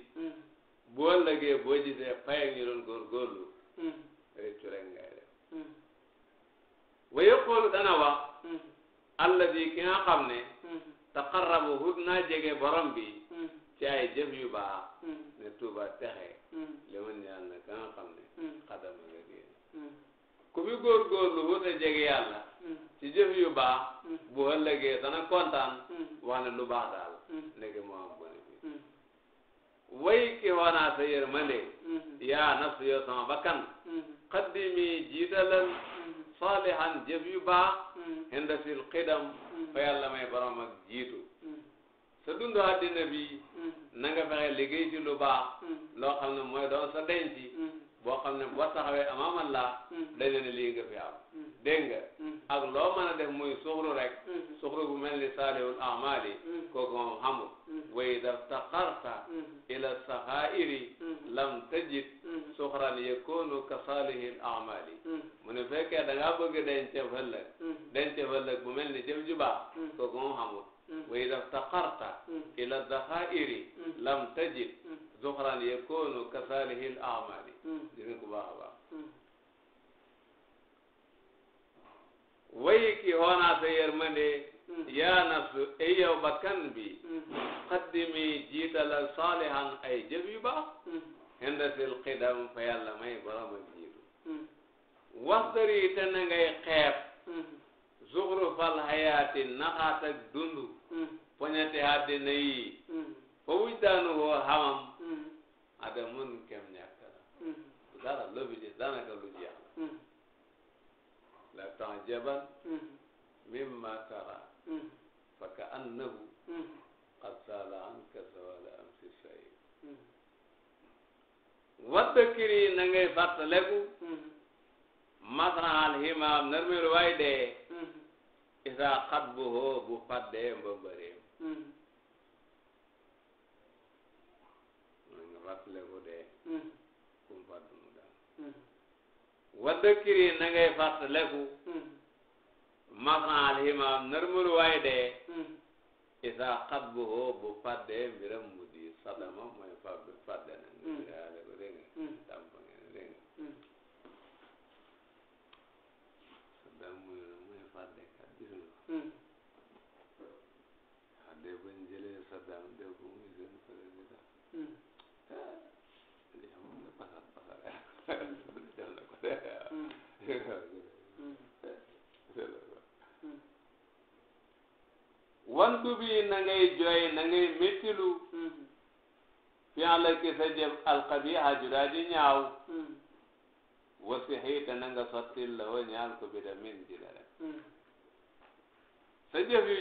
bu ëllëgee boo gisee fay ñu doon góorgóorlu rëccu rek ngay def wa yaqulu dana wax alladi ki nga xam taqarrabu hut naa jege borom bi hmm. ci ay yu baax hmm. ne tuuba texe hmm. li man ñaan na ka nga xam ne xadama nga génn ku hut a jege yàlla ci jëf yu baax bu ëllëgee dana kontaan wax ne lu baax daal léegi moo am way ki wanaa sa yërmande yaa nafsu yoo sama bakkan xaddimi jiitalal saalihan jëf yu baax inda fil qidam ko yàlla may borom ak jiitu mm. sa dundu àddina bi mm. na nga fexe liggéey ci lu baax mm. loo xam ne mooy doon sa denc boo xam ne boo taxawee amaam Allah dañ ne lii nga fi am dégg nga ak loo mën a def muy suxru rek suxru bu mel ni saalihul amali kooku moom xamul wa ida ftaqarta ila saxairi lam tajid suxran yakunu ka saalihil amali mu ne fekkee da ngaa bëgg denc ëllëg denc ëllëg bu mel ni jëf ju baax kooku moom xamul ila daxairi lam tajid zuxran yakunu ka salihi l amali dina ko baax a baax ki hoonaa sa yaa nafsu ay yow bakkan bi qaddimi jiitalal saalihan ay jëf yu baax hendasil may borom ak jiitu waxdari te na ngay zuxru fal hayaati naxaat ak dundu hmm. poñati àddina yi hmm. fa wuj daanu woo xamam hmm. adamun kem ñàkk la dara lobi ji daanaka lu jeex la la temps jabal mimma tara fa ka annahu qad saala anka sawala am si sayid wadda kiri na ngay masran al himaam narmelu waay hmm. isa xat bu hoo fat dee mbëmbëreem hmm. nga fàttale ko dee hmm. kum fat du mu daal wadda kiri na ngay fàttaleku masran al himaam narmelu waay dee isa xat bu hoo bu fat dee mbiram mu di sadama mooy fat bi fat dee na nga wantu bi na ngay jooy na ngay méttilu fian la ki sa jëf alxabiha judaa wasi xiita nga sottil la wo ñaal ko bi da min ji la rek sa jëf yu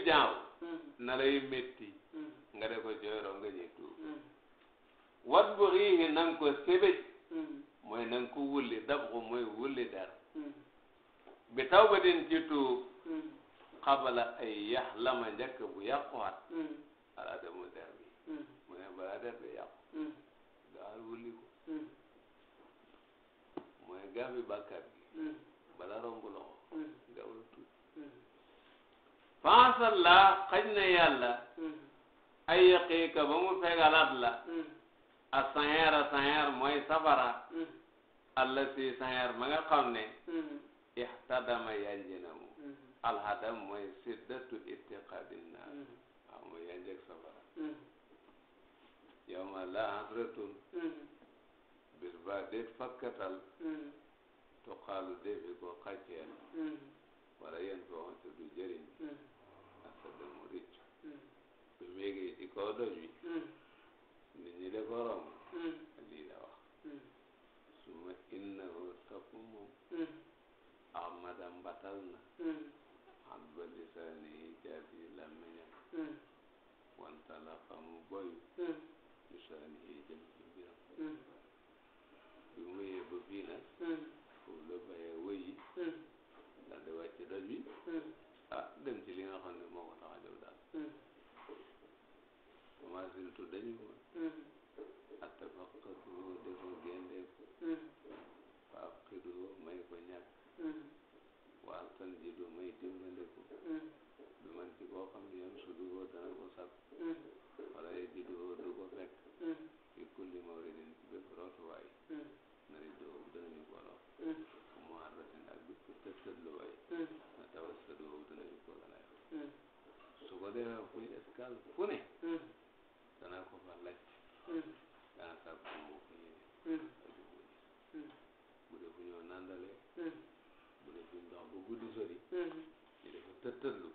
nga de ko jooyroo nga jëg tuub wat bu nga ko sébéj mooy na nga ko dab ko mooy wulli bi tawbatin ci tuub xabala hmm. ay yax lama njëkk bu yàquwaat hmm. ala demu der bi hmm. mu ne balaa der bi yàqu gaawal wulli ko mooy gaa bi bàkkaat bi bala romb loxo gaawal tuub fansalla xaj na yàlla ay yaqiika ba mu fegalaat la a saxeer a saxeer mooy safara allah si saxeer ma nga xam ne yanji na mu alhadam mooy siddatu istiqadin naar waaw mooy yanjeg safara yow ma la hasratun bis ba déet fakkatal tuqaalu défi ko xacceel wala yéen foo te du jëriñ asadamu riccu bu méegee ci kaw doj wi ko romb wa innahu topp moom amada mbatal na abba lisaani jaabi làmmiñam wanta la famu boyu lisaani yi jëm ci mbiram bi mu wéyee ba fii nag foofu la bàyyee wëyi daal di wàcc doj ah dem ci li nga xam ne moo ko tax a jóg daal commencé tu dañu ko attafakkatu defoo géndeeku Mm-hmm. waan tan du may dimbaliku mm-hmm. du man ci koo xam ne yoon su dugoo dana ko sab mm-hmm. wala ye ji du du ko fekk fi kulli mawridin ci bépp rootuwaay na ri doo danañu booloo mu arratin ak bépp tëttëtluwaay na tawas sa doo danañu ko gën a yor su ko defee fuñ escale fu ne dana ko fa laaj guddi sori ñu dafa tëttëllu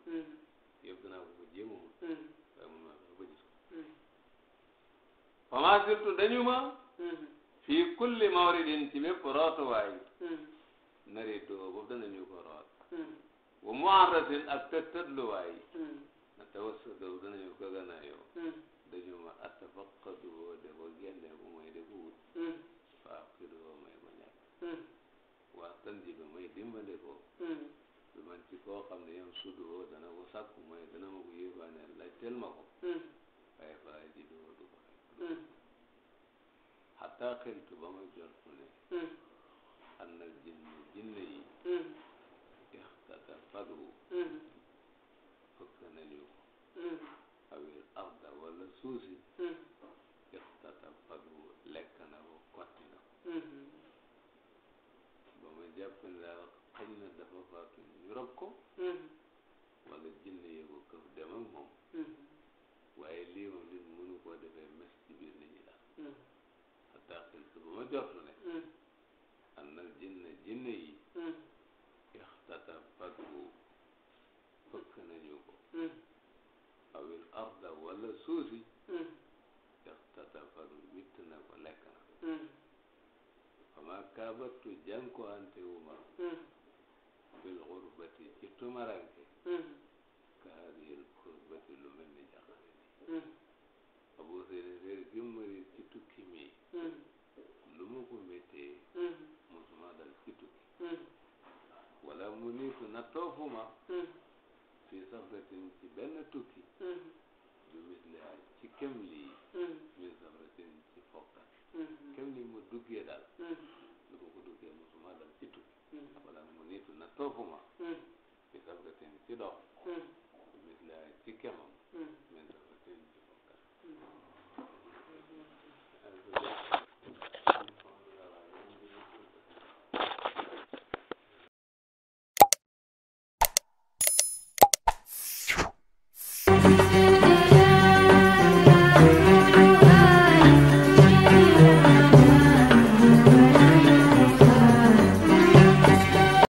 yëpp dinaa ko ko jéema mën waaye mun naa ko fama surtout dañu ma fii kulli mawridin ci bépp rootuwaay nari doo boobu danañu ko root wa muarratin ak tëttëlluwaay na tawassadoo danañu ko ganaayoo dañu ma attafaqadoo dafa génne bu may dafa wut faa kidoo may ma waxtaan ji ba may dimbale ko bi hmm. man ci koo xam ne yow sudu oo dana ko sàkku mooy dana ma ko yóbbaane ma ko hmm. waaye fala ji du du ko hmm. xatta xeltu ba ma jot mu ne anna jinne jinne yi ixtata fadu fëkk nañu ko awil arda wala suusi ñu rob ko mm-hmm. wala jinne yi ko këf dem ak moom mm-hmm. waaye lii moom nit mënu koo defee mes ci biir nit ñi daal hatta xiltu ba ma jot ne mm-hmm. annal jinne jinne yi ixtata faggu fëkk nañu ko awil arda wala suusi ixtata faggu witt na ko lekk na fama kaabattu jànkuwante wu ma bil xur tumaranke mm-hmm. ka hadihil kurbati lu mel ni jaxase ni mm-hmm. abu seere seere gi mëri ci tukki mi mm-hmm. lu mu ko méttee musuma dal ci tukki wala mu niitu na toofuma fii safratin ci benn tukki du misliha ci kem lii min safratin ci fokkat kem lii mu duggee daal lu ma ko duggee musuma dal ci tukki wala mu niitu na toofuma bi sabgatin ci dox. bi misli ci kemam.